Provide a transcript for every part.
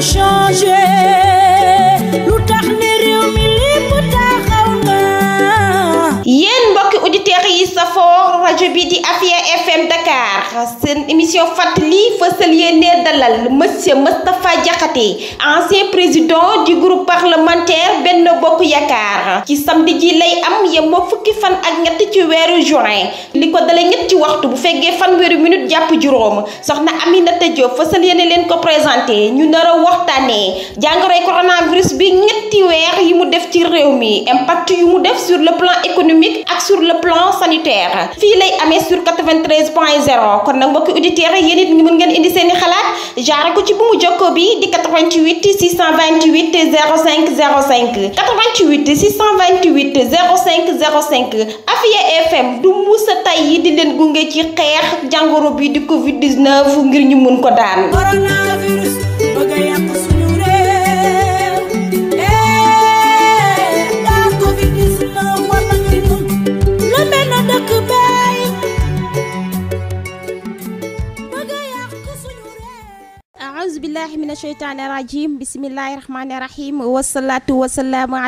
show. rajo bi di Afia FM Dakar seen émission fàttali fësal yéene dalal monsieur Moustapha Diakhaté ancien président du groupe parlementaire benn Bokk Yaakaar ci samedi ji lay am yemoo fukki fan ak ñett ci weeru juin li ko dalee ñetti waxtu bu fekkee fanweeri minute jàpp juróom soxna Aminata Diop fësal yéene leen ko présenté ñu nar a waxtaanee jàngoroy coronavirus bi ñetti weer yi mu def ci réew mi impact yu mu def sur le plan économique ak sur le plan sanitaire lay amee sur 93 point 0 kon nag mbokki auditeurs yéen it mën ngeen indi seen i xalaat jaare ko ci bu mu jokkoo bi di 88 628 05 05 88 628 05 05 Afia FM du musa tay yi di leen gunge ci xeex jàngoro bi di Covid 19 ngir ñu mun ko daan. a aousubillahi min asheytaani rajim bisimillahi rahmaani rahim wasalaatu wasalaamu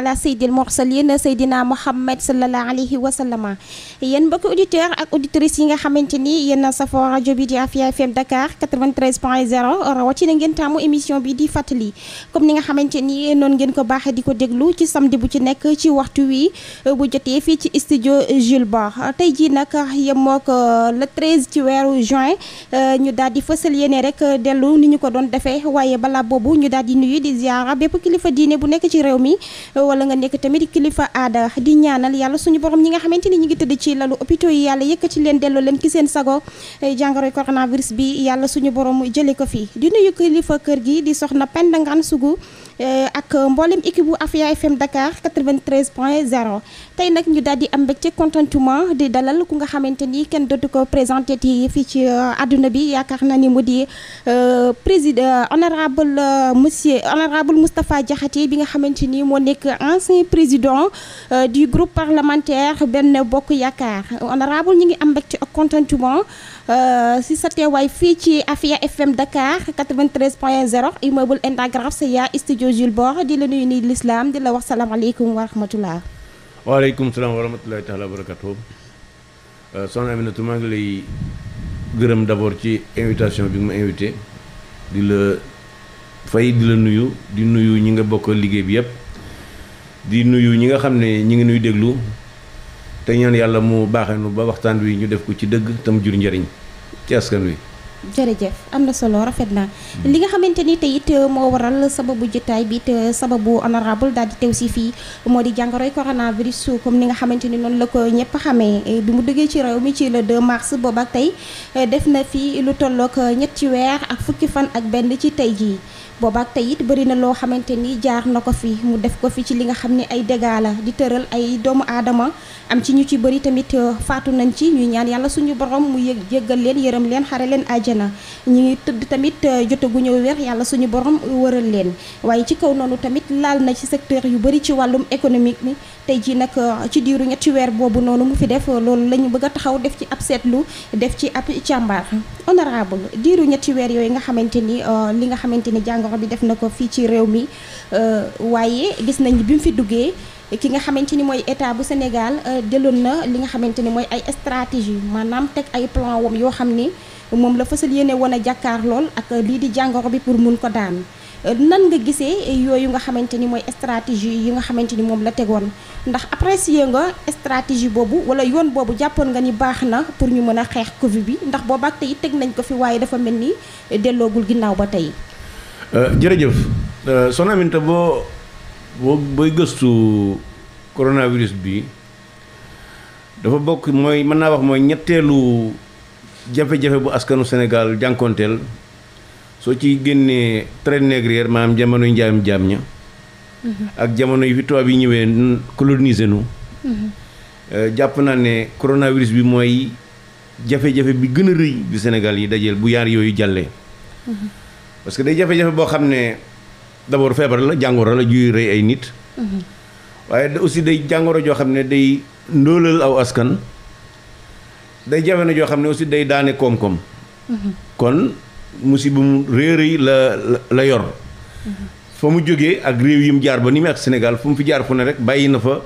ni yéen safoo rajo bi di Afia FM Dakar rawatina ngeen taamu émission bi di fàttali comme ni nga xamante ni noonu ngeen ko baaxee di ko déglu ci samedi bu ci nekk ci waxtu wi bu jotee fii ci studio Jules Bor tey jii nag yemoo ko euh, le 13 ci weeru juin euh, ñu daal di fësal yéene rek dellu ni ñu ko doon defee waaye balaa boobu ñu daal di nuyu di ziara bépp kilifa diine bu nekk ci réew mi wala nga nekk tamit kilifa aada di ñaanal yàlla suñu borom ñi nga xamante ni ñu ngi tëdd ci lalu hôpitaux yi yàlla yëkkati leen delloo leen ki seen sago eh, jàngoroy coronavirus bi yàlla suñu borom jëlee ko fii di nuyu kilifa kër gi di soxna Penda Ngane Sougou Euh, ak euh, mboolem équipe bu Afia FM Dakar 93 point 0 tey nag ñu daal di am mbégte contentement di dalal ku nga xamante ni kenn dootu ko présenté ti fii ci euh, àdduna bi yaakaar na ni mu di président honorable monsieur honorable Moustapha Diakhaté bi nga xamante ni moo nekk ancien président du groupe parlementaire benn Bokk Yaakaar honorable ñu ngi am mbégte ak contentement Euh, si sa teewaay fii ci Afia FM Dakar 93 point 0 immeuble Indagraf Seya studio Jules Bor di la nuyu nii l'islam di la wax salaamaaleykum wa rahmatulah. waaleykum salaam wa rahmatulahi taala wa barakatuh. soxna Aminata maa ngi lay gërëm d'abord ci invitation bi nga ma invité di la fay di la nuyu di nuyu ñi nga bokk liggéey bi yëpp di nuyu ñi nga xam ne ñi ngi nuy déglu te ñaan yàlla mu baaxee nu ba waxtaan wi ñu def ko ci dëgg tam jur njëriñ. ci jërëjëf am na solo rafet na li nga xamante ni tey it euh, moo waral sababu jotaay bi te euh, sababu honorable daal di teew si fii moo di jàngoroy coronavirus comme ni nga xamante ni noonu la ko ñëpp xamee bi mu duggee ci réew mi ci le 2 mars boobu tey euh, def na fii lu tollook ñetti weer ak fukki fan ak benn ci tey jii. boobaak tey it bëri na loo xamante ni jaar na ko fi mu def ko fi ci li nga xam ne ay dégâts la di tëral ay doomu aadama am ci ñu ci bari tamit euh, faatu nañ ci ñuy ñaan yàlla suñu borom mu yë yëggal leen yërëm leen xare leen àjjana ñi ngi tëdd tamit euh, jotaguñu wér yàlla suñu borom wëral leen waaye ci kaw noonu tamit laal na ci secteur yu bëri ci wàllum économique mi tey jii nag euh, ci diiru ñetti weer boobu noonu mu fi def loolu la ñu bëgg a taxaw def ci ab seetlu def ci ab càmbar honorable diiru nga xamante ni loxo bi def na ko fii ci réew mi euh, waaye gis nañ bi mu fi duggee ki nga xamante ni mooy état bu Sénégal delloon euh, na li nga xamante ni mooy ay stratégie maanaam teg ay plan wam yoo xam ni moom la fësal yéene woon a jàkkaar ak lii di jàngoro bi pour mun ko daan euh, nan nga gisee yooyu nga xamante ni mooy stratégie yi nga xamante ni moom la tegoon ndax apprécier nga stratégie boobu wala yoon boobu jàppoon nga ni baax na pour ñu mën a xeex Covid bi ndax boobaak tey teg nañ ko fi waaye dafa mel ni delloogul ginnaaw ba tey Euh, jërëjëf euh, soxna Aminta boo boo booy gëstu coronavirus bi dafa bokk mooy mën naa wax mooy ñetteelu jafe-jafe bu askanu Sénégal jànkonteel soo ci génnee traite négrière maanaam jamono yi njaam jaam ña mm-hmm. ak jamono yi fi tubaab yi ñëwee coloniser nu mm-hmm. euh, jàpp naa ne coronavirus bi mooy jafe-jafe bi gën a rëy bi Sénégal yi dajeel bu yaar yooyu jàllee mm-hmm. parce que day jafe-jafe boo xam ne d'abord feebar la jàngoro la juy rey ay nit. waaye aussi day jàngoro joo xam ne day ndóolal aw askan. day jafe na joo xam ne aussi day daane koom-koom. kon musiba mu réeréy la la yor. fa mu jógee ak réew yi mu jaar ba ni mu ak Sénégal fu mu fi jaar fu ne rek bàyyi na fa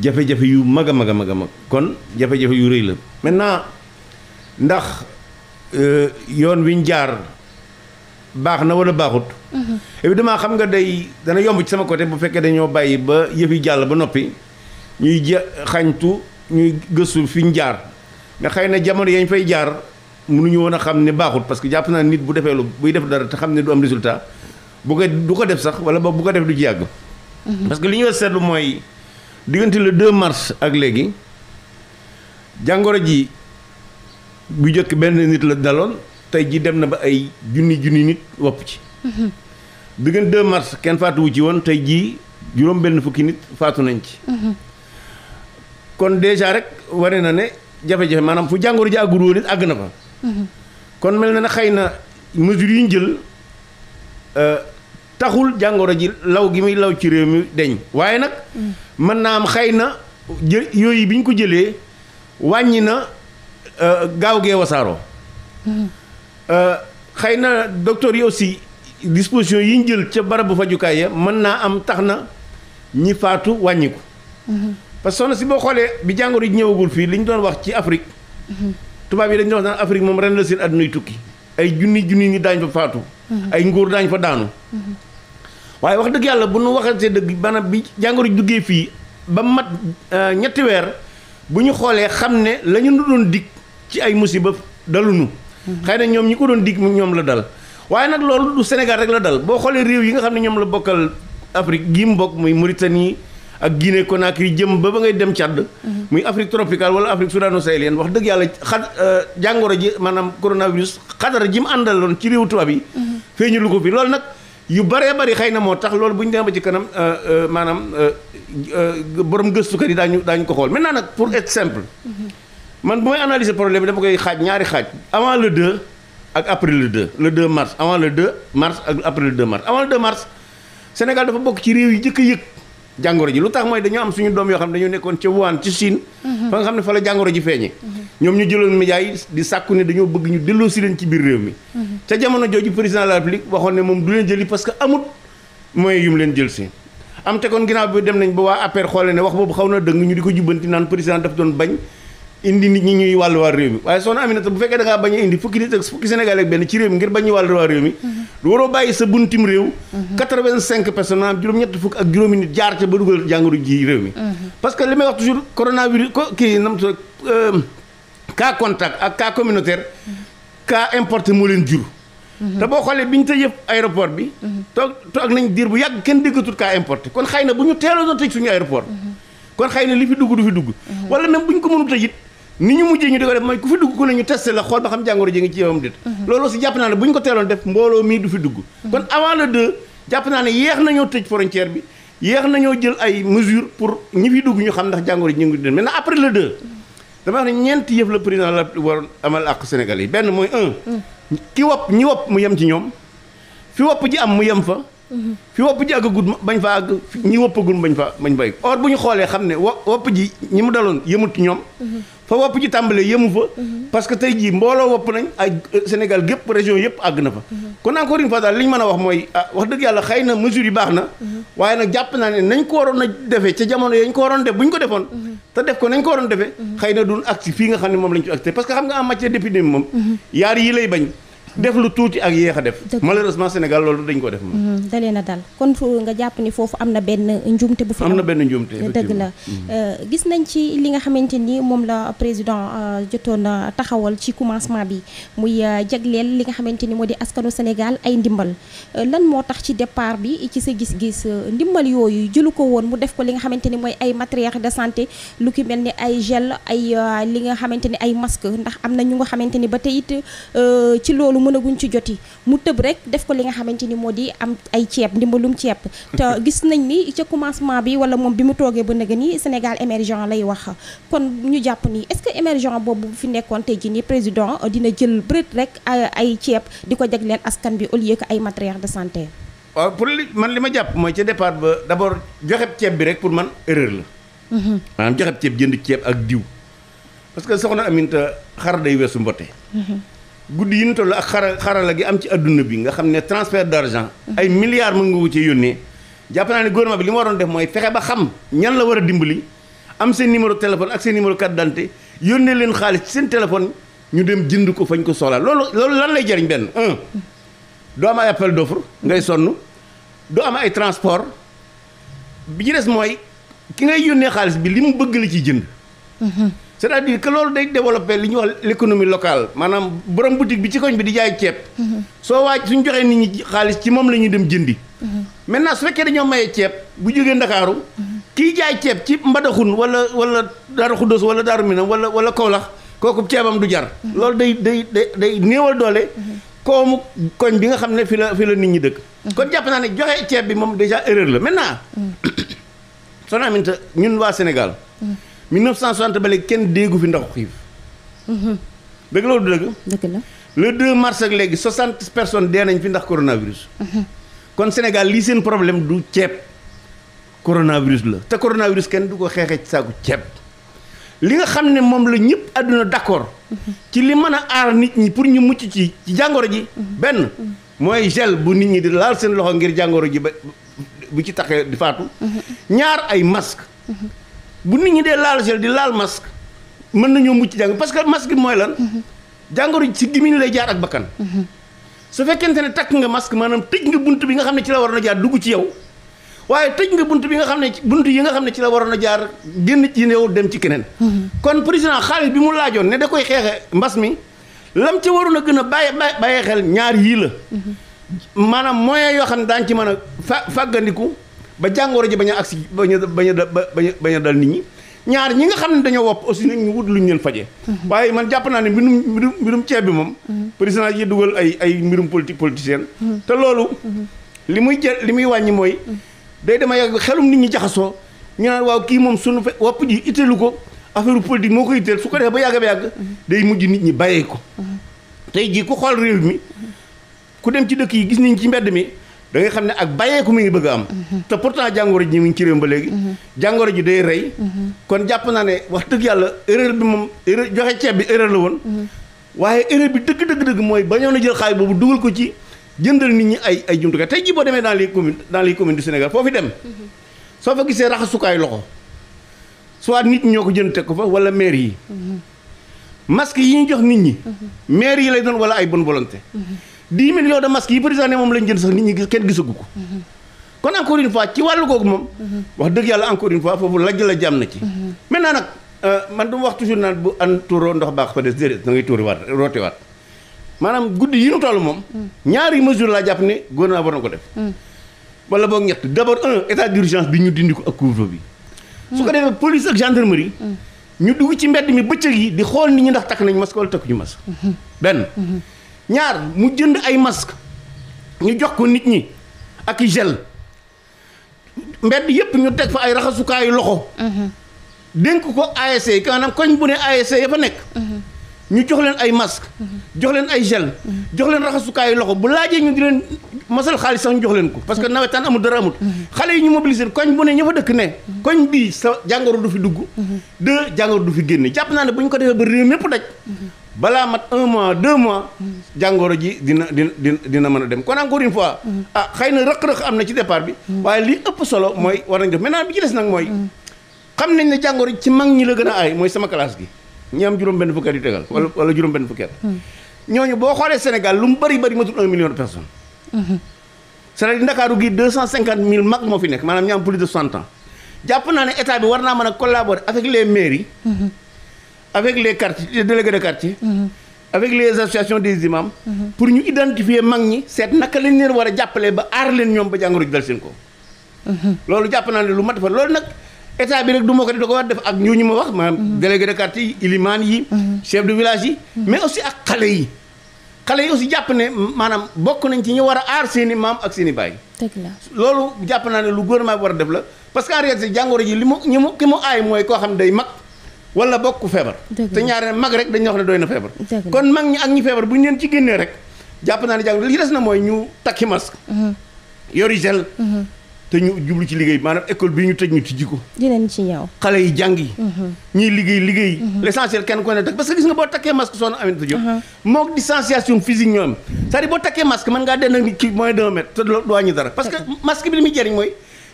jafe-jafe yu mag a mag a mag a mag kon jafe-jafe yu rëy la maintenant ndax euh, yoon wi ñu jaar. baax na wala baaxut. Mhm. évidemment xam nga day dana yomb ci sama côté bu fekkee dañoo bàyyi ba yëf jàll ba noppi ñuy ja xañtu ñuy gëstu fi ñu jaar nga xëy na jamono yañ fay jaar nu ñu wan a xam ne baaxut parce que jàpp naa nit bu defee lu buy def dara te xam ne du am résultat bu ko du ko def sax wala boog bu ko def du ci yàgg. Mhm. parce que li ñu seetlu mooy diggante le 2 mars ak léegi jàngoro ji bu njëkk benn nit la daloon. tey ji dem na ba ay junni junni nit wopp ci mhm. bi gën 2 mars kenn faatuwu ci woon tey jii juróom benn fukki nit faatu nañ ci mhm. kon dèjà rek waree na ne jafe-jafe maanaam fu jàngoro ji àggul woon it àgg na fa mhm. kon mel na ne xëy na mesures yi ñu jël euh, taxul jàngoro ji law gi muy law ci réew mi deñ waaye nag mën naa am xëy na jë yooyu bi ñu ko jëlee wàññi na euh, gaaw gee wasaaroo Euh, xëy na docteur yi aussi disposition yi ñu jël ca barabu fajukaay ya mën naa am tax na ñi faatu wàññiku parce que soxna si boo xoolee bi jàngoro ji ñëwagul fii li ñu doon wax ci Afrique tubaab yi dañu doon wax naan Afrique moom ren la seen àdduna yi tukki ay junni junni ni daañ fa faatu ay nguur daañ fa daanu waaye wax dëgg yàlla bu nu waxatee dëgg bana bi jàngoro ji duggee fii ba mat euh, ñetti weer bu ñu xoolee xam ne lañu ñu doon dig ci ay musiba dalunu xëy na ñoom ñi ko doon dig ñoom la dal waaye nag loolu Sénégal rek la dal boo xoolee réew yi nga xam ne ñoom la bokkal Afrique gi mu bokk muy Mauritanie ak Guinée yi jëm ba ba ngay dem Tchad. Mhm. muy Afrique tropicale wala Afrique soudano-sahélienne wax dëgg yàlla xa euh, jàngoro ji maanaam coronavirus xadara ji mu àndaloon ci réew tubaab yi. Mhm. feeñu lu ko fi loolu nag yu baree bari xëy na moo tax loolu bu ñu demee ba ci kanam euh, euh, maanaam borom gëstukat yi daañu daañu ko xool maintenant nag pour être simple. Mhm. man bu may analyser problème bi dama koy xaaj ñaari xaaj avant le 2 ak après le 2 le 2 mars avant le 2 mars ak après le 2 mars avant le 2 mars Sénégal dafa bokk ci réew yi njëkk a yëg jàngoro ji lu tax mooy dañoo am suñu doom yoo xam ne dañoo nekkoon ca Wuhan ci Chine. Mhm. fa nga xam ne fa la jàngoro ji feeñee. ñoom ñu jëloon médias yi di sàkku ne dañoo bëgg ñu delloo si leen ci biir réew mi. Mhm. ca jamono jooju président de la République waxoon ne moom du leen jëli parce que amut moyen leen jël si. am te kon ginnaaw bi dem nañ ba waa APR xoolee ne wax na dëng ñu di ko jubbanti naan président daf doon bañ indi nit ñi ñuy wàllu waa réew mi waaye soxna Aminata bu fekkee da ngaa a indi fukki nit ak fukki Sénégalais ak benn ci réew mi ngir bañ ñu wàllu waa réew mi mhm. waroo bàyyi sa buntim réew mhm. quatre vingt jaar ca ba ji réew mhm. parce que li may wax toujours coronavirus ko kii nam tudd euh, cas contact ak cas communautaire cas importé moo leen jur te boo xoolee bi ñu tëjee aéroport bi toog ak nañ diir bu yàgg kenn déggatul cas importe kon xëy na bu ñu teeloon sa tëj suñu aéroport kon xëy na li fi dugg du fi dugg wala même bu ñu ko mënu tëj it ni ñu mujjee ñu di ko def mooy ku fi dugg ku ne ñu testé la xool ba xam jàngoro ji ngi ci yowam dit loolu aussi jàpp naa ne bu ñu ko teeloon def mbooloo mii du fi dugg kon avant le deux jàpp naa ne yeex nañoo tëj frontière bi yeex nañoo jël ay mesures pour ñi fi dugg ñu xam ndax jàngoro ji ñu ngi den après le deux dama wax ne ñeenti yëf la président la war amal ak Sénégal yi benn mooy un ki wopp ñi wopp mu yem ci ñoom fi wopp ji am mu yem fa fi wopp ji àggagut bañ fa àgg ñi woppagul bañ fa bañ bay or bu ñu xoolee xam ne wo wopp ji ñi mu daloon yemut ci ñoom fa wopp ji tàmbalee yëmu fa parce que tey ji mbooloo wopp nañ ay euh, Sénégal gépp région yëpp àgg na fa kon encore une fois daal li mën a wax mooy ah, wax dëgg yàlla xëy na mesure yi baax na waaye nag jàpp naa ne nañ ko waroon a defee ca jamono yañ ko waroon def bu ñu ko defoon te def ko nañ ko waroon defee xëy na duñ agsi fii nga xam ne moom lañ ci agsi parce que xam nga en matière d'épidémie moom mhm. yaar yi lay bañ def lu tuuti ak yéex a def. malheureusement Sénégal loolu dañ ko def. Mm-hmm. da leen a dal kon nga jàpp ni foofu am na benn njumte bu fi am na benn njumte dëgg la mm-hmm. euh, gis nañ ci li nga xamante ni moom la président euh, jotoon taxawal ci commencement bi muy euh, jagleel li nga xamante ni moo di askanu Sénégal ay ndimbal lan moo tax ci départ bi ci sa gis-gis ndimbal yooyu jëlu ko woon mu def ko li nga xamante ni mooy ay matériel de santé lu ki mel ni ay gel ay li nga xamante ni ay masque ndax am na ñu nga xamante ni ba tey it ci loolu. loolu mënaguñ ci joti mu tëb rek def ko li nga xamante ni moo di am ay ceeb ndimbalum ceeb te gis nañ ni ca commencement bi wala moom bi mu toogee ba nëgë ni Sénégal émergent lay wax kon ñu jàpp ni est-ce que émergent boobu bu fi nekkoon tey jii ni président dina jël bërët rek ay ceeb di ko jagleel askan bi au lieu que ay matériel de santé waaw pour li man li ma jàpp mooy ca départ ba d'abord joxeb ceeb bi rek pour man erreur la mhm. maanaam joxeb ceeb jënd ceeb ak diw parce que soxna Aminta xar guddi yi ñu toll ak xaral xarala gi am ci adduna bi nga xam ne transfert d'argent mm-hmm. ay milliards mën nga ko ci yónnee jàpp naa ne gouvernement bi li ma waroon def mooy fexe ba xam ñan la war a dimbali am seen numéro téléphone ak seen numéro carte d'identité yónnee leen xaalis ci seen téléphone ñu dem jënd ko fañ ko soxla loolu loolu lan lay jariñ benn un doo am ay appel d'offre ngay sonn doo am ay transport bi ci des mooy ki ngay yónnee xaalis bi li mu bëgg la ciy jënd mm-hmm. c'est-à-dire loolu day développer li ñu wax l'économie locale maanaam borom boutique bi ci koñ bi di jaay ceeb. soo waaj suñ joxee nit ñi xaalis ci moom la ñuy dem jëndi. maintenant su fekkee dañoo maye ceeb bu jógee Ndakaaru. kii jaay ceeb ci Mbadakhoune wala wala Darou Khoudoss wala Darou Minam wala wala Kaolack kooku ceebam du jar. loolu day day day day néewal doole. koomu koñ bi nga xam ne fi la fi la nit ñi dëkk. kon jàpp naa ne joxe ceeb bi moom déjà erreur la maintenant. soo naan ñun waa Sénégal. 1960 ba léegi kenn déggu fi ndax xiif. Mhm. dëgg loolu du dëgg. dëgg la le 2 mars ak léegi 60 personnes dee nañ fi ndax coronavirus. Mhm. kon Sénégal lii seen problème du ceeb coronavirus la te coronavirus kenn du ko xeexee ci saaku ceeb. li nga xam ne moom la ñëpp àdduna d'accord mhm. ci li mën a aar nit ñi pour ñu mucc ci ci jàngoro ji benn mooy gel bu nit ñi di laal seen loxo ngir jàngoro ji ba bu ci taxee di faatu ñaar ay masque bu nit ñi dee laal gel di laal masque mën nañoo mucc jàng parce que masque mooy lan. jàngoro ci gémmiñ lay jaar ak bakkan. su fekkente ne takk nga masque maanaam tëj nga bunt bi nga xam ne ci la waroon a jaar dugg ci yow waaye tëj nga bunt bi nga xam ne bunt yi nga xam ne ci la waroon a jaar génn ci yow dem ci keneen. kon président xaalis bi mu laajoon ne da koy xeexe mbas mi lam ci waroon a gën a bàyyi bàyyi xel ñaar yii la. maanaam moyen yoo xam ne daañu ci mën a fàggandiku. ba jàngoor ji bañ a agsi bañ a bañ a bañ a dal nit ñi ñaar ñi nga xam ne dañoo wopp aussi ñu wut luñ leen fajee mhm. waaye man jàpp naa ne mbirum mbirum mbirum ceeb bi moom mhm. président yi dugal ay ay mbirum politique politicien mhm. te loolu li muy jël li muy wàññi mooy day dama yàgg xelum nit ñi jaxasoo ñu naan waaw kii moom sunu fe wopp ji itteelu ko affaire politique moo ko itteel su ko defee ba yàgg ba yàgg day mujj nit ñi bàyyee ko tey jii ku xool réew mi ku dem ci dëkk yi gis nañ ci mbedd mi da ngay xam ne ak bàyyeeku mi ngi bëgg am. Mhm. te pourtant jàngoro ji mi ngi ci réew ba léegi. Mhm. jàngoro ji day rey. Mhm. kon jàpp naa ne wax dëgg yàlla erreur bi moom erreur joxe ceeb bi erreur la woon. waaye erreur bi dëgg dëgg dëgg mooy bañoon a jël xaalis boobu dugal ko ci jëndal nit ñi ay ay jumtukaay tey jii boo demee dans les communes dans les communes du Sénégal foo fi dem. soo fa gisee raxasukaay loxo soit nit ñoo ko jënd teg ko fa wala maire yi. masque yi ñu jox nit ñi. maire yi lay doon wala ay bonne 10 millions de masques yi président moom lañ jënd sax nit ñi gis kenn gisagu ko. kon encore une fois ci wàllu googu moom. wax dëgg yàlla encore une fois foofu lajj la jàmm na ci. maintenant nag euh, man du ma wax toujours naan bu an tuuroo ndox baax fa des déedéet da ngay tuuriwaat rootewaat maanaam guddi yi ñu toll moom. ñaari mesure laa jàpp ne gouvernement war na ko def. wala boog ñett d' abord un état bi ñu dindi ko ak couvre-feu bi. su ko defee police ak gendarmerie. ci mbedd mi bëccëg yi di xool nit ñi ndax takk nañ masque wala takkuñu ñaar mu jënd ay masque ñu jox ko nit ñi ak i gel mbedd yépp ñu teg fa ay raxasukaayu loxo mhm. dénk ko ASC yi maanaam koñ bu ne ASC ya fa nekk mhm. ñu jox leen ay masque mhm. jox leen ay gel jox leen raxasukaayu loxo bu laajee ñu di leen masal xaalis sax ñu jox leen ko parce que nawetaan amul dara amut xale yi ñu mobiliser koñ bu ne ña fa dëkk ne koñ bii sa jàngoro du fi dugg de jàngoro du fi génne jàpp naa ne bu ñu ko defee ba réew mépp daj balaa mat un mois deux mois mm. jàngoro ji dina dina dina dina mën a dem kon encore une fois mm. ah xëy na rëq-rëq am na ci départ bi mm. waaye li ëpp solo mooy war nañ def maintenant bi ci des nag mooy xam nañ ne jàngoro ji ci mag ñi la gën a aay mooy sama classe gi ñi am juróom benn fukki at yu tegal wala wala juróom benn fukki at ñooñu boo xoolee Sénégal lu mu bëri bëri matul un million de personnes mm-hmm. c'est-à-dire Ndakaaru gi deux cent cinquante mille mag moo fi nekk maanaam ñu am plus de soixante ans jàpp naa ne état avec les quartiers les délégués de quartier. Mm-hmm. avec les associations des imams. Mm-hmm. pour ñu identifier mag ñi seet naka lañ leen war a jàppalee ba aar leen ñoom ba jàngoro ji dal seen ko mm-hmm. loolu jàpp naa ne lu mat fa loolu nag état bi rek du ma ko da ko war def ak ñu ñu ma wax. maanaam délégué de quartier yi ilimaan de village yi. mais aussi ak xale yi. xale yi aussi jàpp ne maanaam bokk nañ ci ñu war a aar seen maam ak seen i baay. dëgg loolu jàpp naa ne lu gouvernement bi war a parce que en réalité ji li mu ñi mu mu aay mooy koo xam ne day mag. wala bokk feebar te ñaare mag rek dañ wax ne doy na feebar kon mag ñi ak ñi feebar bu ñu leen ci génnee rek jàpp naa ne jàng li des na mooy ñu takki masque mhm. yori gel mhm. te ñu jublu ci liggéey maanaam école bi ñu tëj ñu tijji ko xale yi jàng yi mhm. ñiy liggéey liggéey l'essentiel kenn ko ne takk parce que gis nga boo takkee masque soxna Aminata Diop mook distanciation physique ñoom c'est-à-dire boo takkee masque mën ngaa den ak nit ki moins d'un te doo wàññi dara parce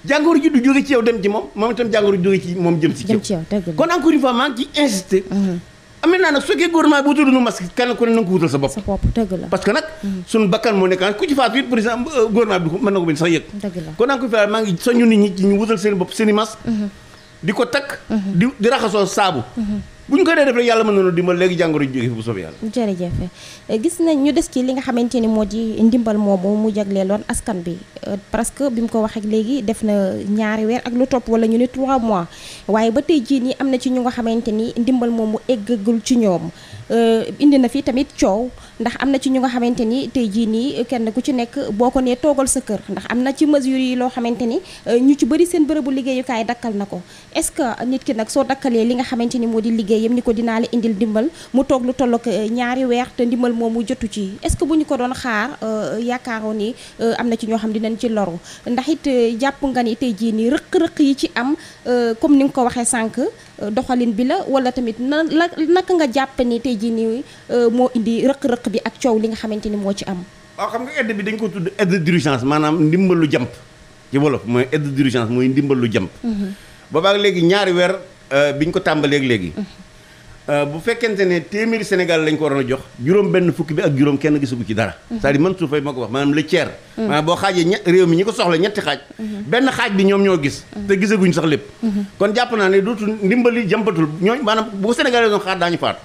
jàngoro ji du jóge ci yow dem ci moom moom itam jàngoro ji jóge ci moom jëm si ci kon encore une maa ngi ci insister maintenant mhm. nag su fekkee gouvernement bi wutalul nu masque kenn ku ne ko wutal sa bopp. parce que nag. Mhm. suñu bakkan moo nekk ku ci faatu it président euh, gouvernement bi mën na ko bañ sax yëg. kon encore une maa ngi soññu nit ñi ñu wutal seen bopp seen i mhm. di ko takk. di di raxasoo saabu. bu ñu ko dee def rek yàlla mën nañu dimbal léegi jàngoro ji jóge fi bu soobee yàlla jërëjëf eh, gis nañ ñu des ci li nga xamante ni moo di ndimbal moomu mu jaglee loon askan bi eh, parce que bi mu ko waxee léegi def na ñaari weer ak lu topp wala ñu ni 3 mois waaye ba tey jii nii am na ci ñu nga xamante ni ndimbal moom mu egg eggagul ci ñoom Euh, indi na fi tamit coow ndax am na ci ñu nga xamante ni tey jii nii kenn ku ci nekk boo ko nee toogal sa kër ndax am na ci mesure yi loo xamante ni euh, ñu ci bari seen bërëbu liggéeyukaay dakkal na ko est-ce que nit ki nag soo dakkalee li nga xamante ni moo di liggéeyam ni ko dinaa la indil ndimbal mu toog lu tollook euh, ñaari weer te ndimbal moomu jotu ci est-ce que bu ñu ko doon xaar yaakaaroon ni am na ci ñoo xam dinañ ci loru ndaxit jàpp nga ni tey jii nii rëq-rëq yi ci am comme ni nga ko waxee sànq doxalin tey jii nii euh, moo indi rëq-rëq bi ak coow li nga xamante ni moo ci am. waaw xam nga aide bi dañ ko tudd aide d'urgence maanaam ndimbalu jàmp ci wolof mooy aide d'urgence mooy ndimbalu jàmp. Mhm. boobaag léegi ñaari weer euh, biñ ko tàmbaleeg léegi. Mhm. Euh, bu fekkente ne téeméeri Sénégal lañ ko waroon a jox juróom benn fukki bi ak juróom kenn gisagu ci dara. Mhm. c'est-à-dire man suufay ma ko wax maanaam boo xaajee ña réew mi ñi ko soxla ñetti xaaj. benn xaaj bi ñoom ñoo gis. te gisaguñ sax lépp. kon jàpp naa ne dootu ndimbali jàmpatul ñooñu maanaam bu Sénégal doon xaar daañu faatu.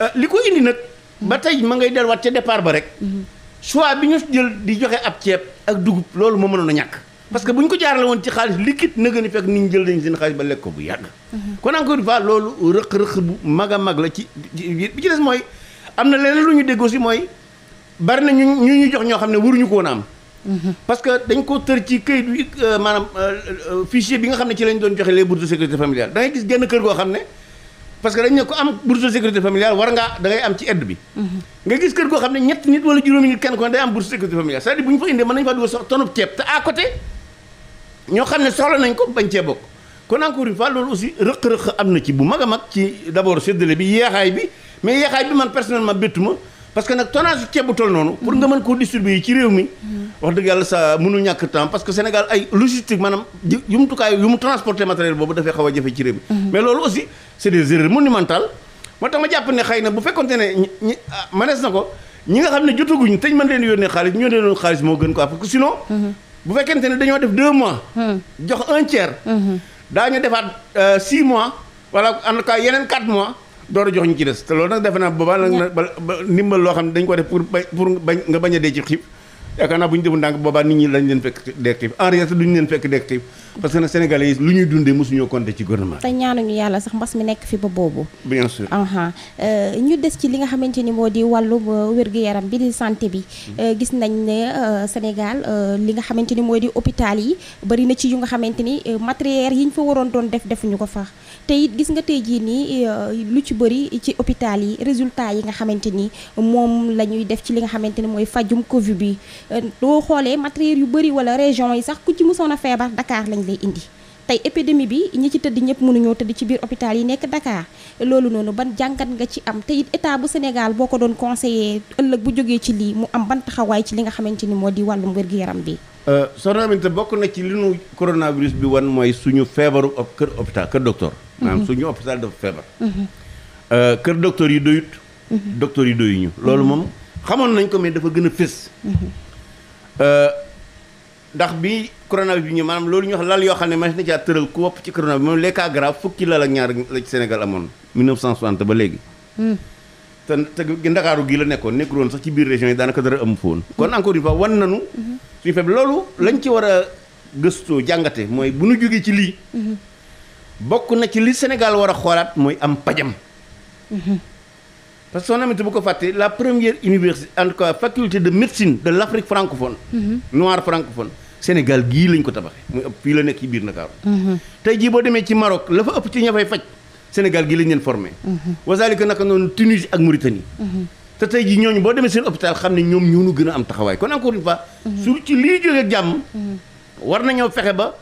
Euh, li ko indi nag ba tey ma ngay delluwaat ca départ ba rek mhm. choix bi ñu jël di joxe ab ceeb ak dugub loolu moo mënoon a ñàkk parce que bu ñu ko jaarale woon ci xaalis liquide na gën fekk ni ñu jël dañ seen xaalis ba lekk ko bu yàgg mhm. kon encore une fois loolu rëq-rëq bu mag a mag la ci bi ci des mooy am na leneen lu ñu dégg aussi mooy bari na ñu ñu ñu jox ñoo xam ne waruñu ko woon a am mhm. parce dañ ko tër ci këyit bi euh, maanaam euh, fichier bi nga xam ne ci lañ doon joxe les bourses de sécurité familiale da gis genn kër goo xam ne parce que dañ ne ko am bourse sécurité familiale war ngaa am ci aide bi mhm. nga gis kër goo xam ne ñetti nit wala juróomi nit kenn ko day am bourse sécurité familiale cest à bu ñu fa indee mën faa dugal sox tonub ceeb te à côté ñoo xam ne soxla nañ ko bañ cee bokk kon encore une fois loolu aussi rëq-rëq am na ci bu mag a mag ci d'abord séddale bi yeexaay bi mais yeexaay bi man personnellement béttu ma parce que nag tonnage ceeb bu toll noonu. pour nga mën koo distribuer ci réew mi. wax dëgg yàlla sa mënul ñàkk temps parce que Sénégal ay logistique maanaam jumtukaay yu mu transporter matériel boobu dafay xaw a jafe ci réew mi. Mhm. mais loolu aussi c'est des erreurs moo tax ma jàpp ne xëy na bu fekkonte ne ñi ah, manees na ko ñi nga xam ne jotaguñ te ñu mën leen yónnee xaalis ñoo leen doon xaalis moo gën quoi parce que sinon. Mhm. bu fekkente ne dañoo def 2 mois. Mhm. jox un daa ñu defaat 6 euh, mois wala en tout cas yeneen 4 mois. door a jox ñu ci des te loolu nag defe naa boobaa nag ndimbal loo xam ne dañ ko def pour pour bañ nga bañ a dee ci xiif yaakaar bu ñu defu ndànk boobaa nit ñi lañ leen fekk dee xiif en réalité duñu leen fekk dee xiif parce que nag sénégalais yi lu ñuy dundee mosuñoo compter ci gouvernement te ñaanuñu yàlla sax mbas mi nekk fi ba boobu euh, ñu des ci li nga xamante ni moo di wàllu euh, wér-gu-yaram bi di santé bi mm-hmm. euh, gis nañ ne Sénégal li nga xamante ni mooy di hôpital yi bari na ci yu nga xamante ni matériel yi ñu fa waroon doon def defuñu ko fa te it gis nga tey jii nii euh, lu ci bëri ci hôpital yi résultat yi nga xamante ni moom la ñuy def ci li nga xamante ni mooy fajum Covid bi euh, doo xoolee matériel yu bëri wala région yi sax ku ci musoon a feebar Dakar lañ lay indi tey épidémie bi ñi ci tëdd ñëpp mënuñoo tëdd ci biir hôpital yi nekk Dakar loolu noonu ban jàngat nga ci am te it état bu Sénégal boo ko doon conseiller ëllëg bu jógee ci lii mu am ban taxawaay ci li nga xamante ni moo di wàllum wér yaram bi. Euh, soxna Aminta bokk na ci li bi wan mooy suñu feebaru kër hôpital kër docteur. maanaam mhm. suñu hôpital dafa feebar. Mhm. Euh, kër docteur yi doyut. Mhm. docteur yi doyuñu loolu moom xamoon nañ ko mais dafa gën a fés. Euh, ndax bi coronavirus bi ñu maanaam loolu ñu wax lal yoo xam ne mas na caa tëral ku wopp ci coronavirus moom les cas graves fukki lal ak ñaar la ci Sénégal amoon 1960 ba léegi. Hmm. te te ndakaaru gi la nekkoon nekkul woon sax ci biir région yi daanaka dara amu fa woon. kon hmm. encore une fois wan nañu. Hmm. suñu feeb loolu lañ ci war a gëstoo jàngate mooy bu ñu ci lii. bokk na ci li Sénégal war a xoolaat mooy am pajam mhm. parce que soo namit bu ko fàtte la première université en tout cas faculté de médecine de l' Afrique francophone mhm. noir francophone Sénégal gii lañ ko tabaxee muy ëpp fii la nekk ci biir Ndakaaru mhm. tey jii boo demee ci Maroc la fa ëpp ci ña fay faj Sénégal gii lañ leen formé wasaalika naka noonu Tunisie ak Mauritanie te tey jii ñooñu boo demee seen hôpital xam ne ñoom ñoo nu gën a am taxawaay kon encore une fois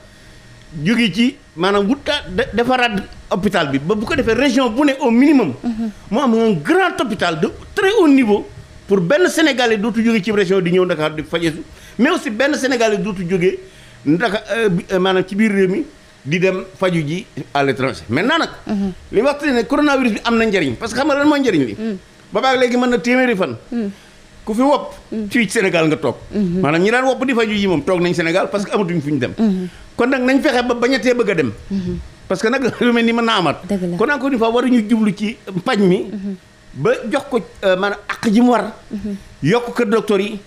jóge ci maanaam wutaat defaraat hôpital bi ba bu ko defee région bu ne au minimum. Mm-hmm. mu am un grand hôpital de très au niveau pour benn Sénégalais dootu jóge ci région di ñëw Dakar di fajesu mais aussi benn Sénégalais dootu jóge ndaka euh, euh, maanaam ci biir réew mi di dem faju ji à l'étranger maintenant nag. Mm-hmm. li wax te ne coronavirus bi am na njariñ parce que xam nga lan mooy njëriñ li. Mm. ba léegi mën na téeméeri fan. Mm. ku fi wopp mm. ci Sénégal nga toog. Mm-hmm. maanaam ñi daan wopp di faju ji moom toog nañ Sénégal parce que amatuñ fu ñu dem. kon nag nañ fexe ba bañ a tee bëgg a dem. Mhm. parce que nag lu mel ni mën naa amat. kon encore une fois waruñu jublu ci pañ mi. Mhm. ba jox ko euh, man ak ji mu war. Mhm. yokk kër docteur yi.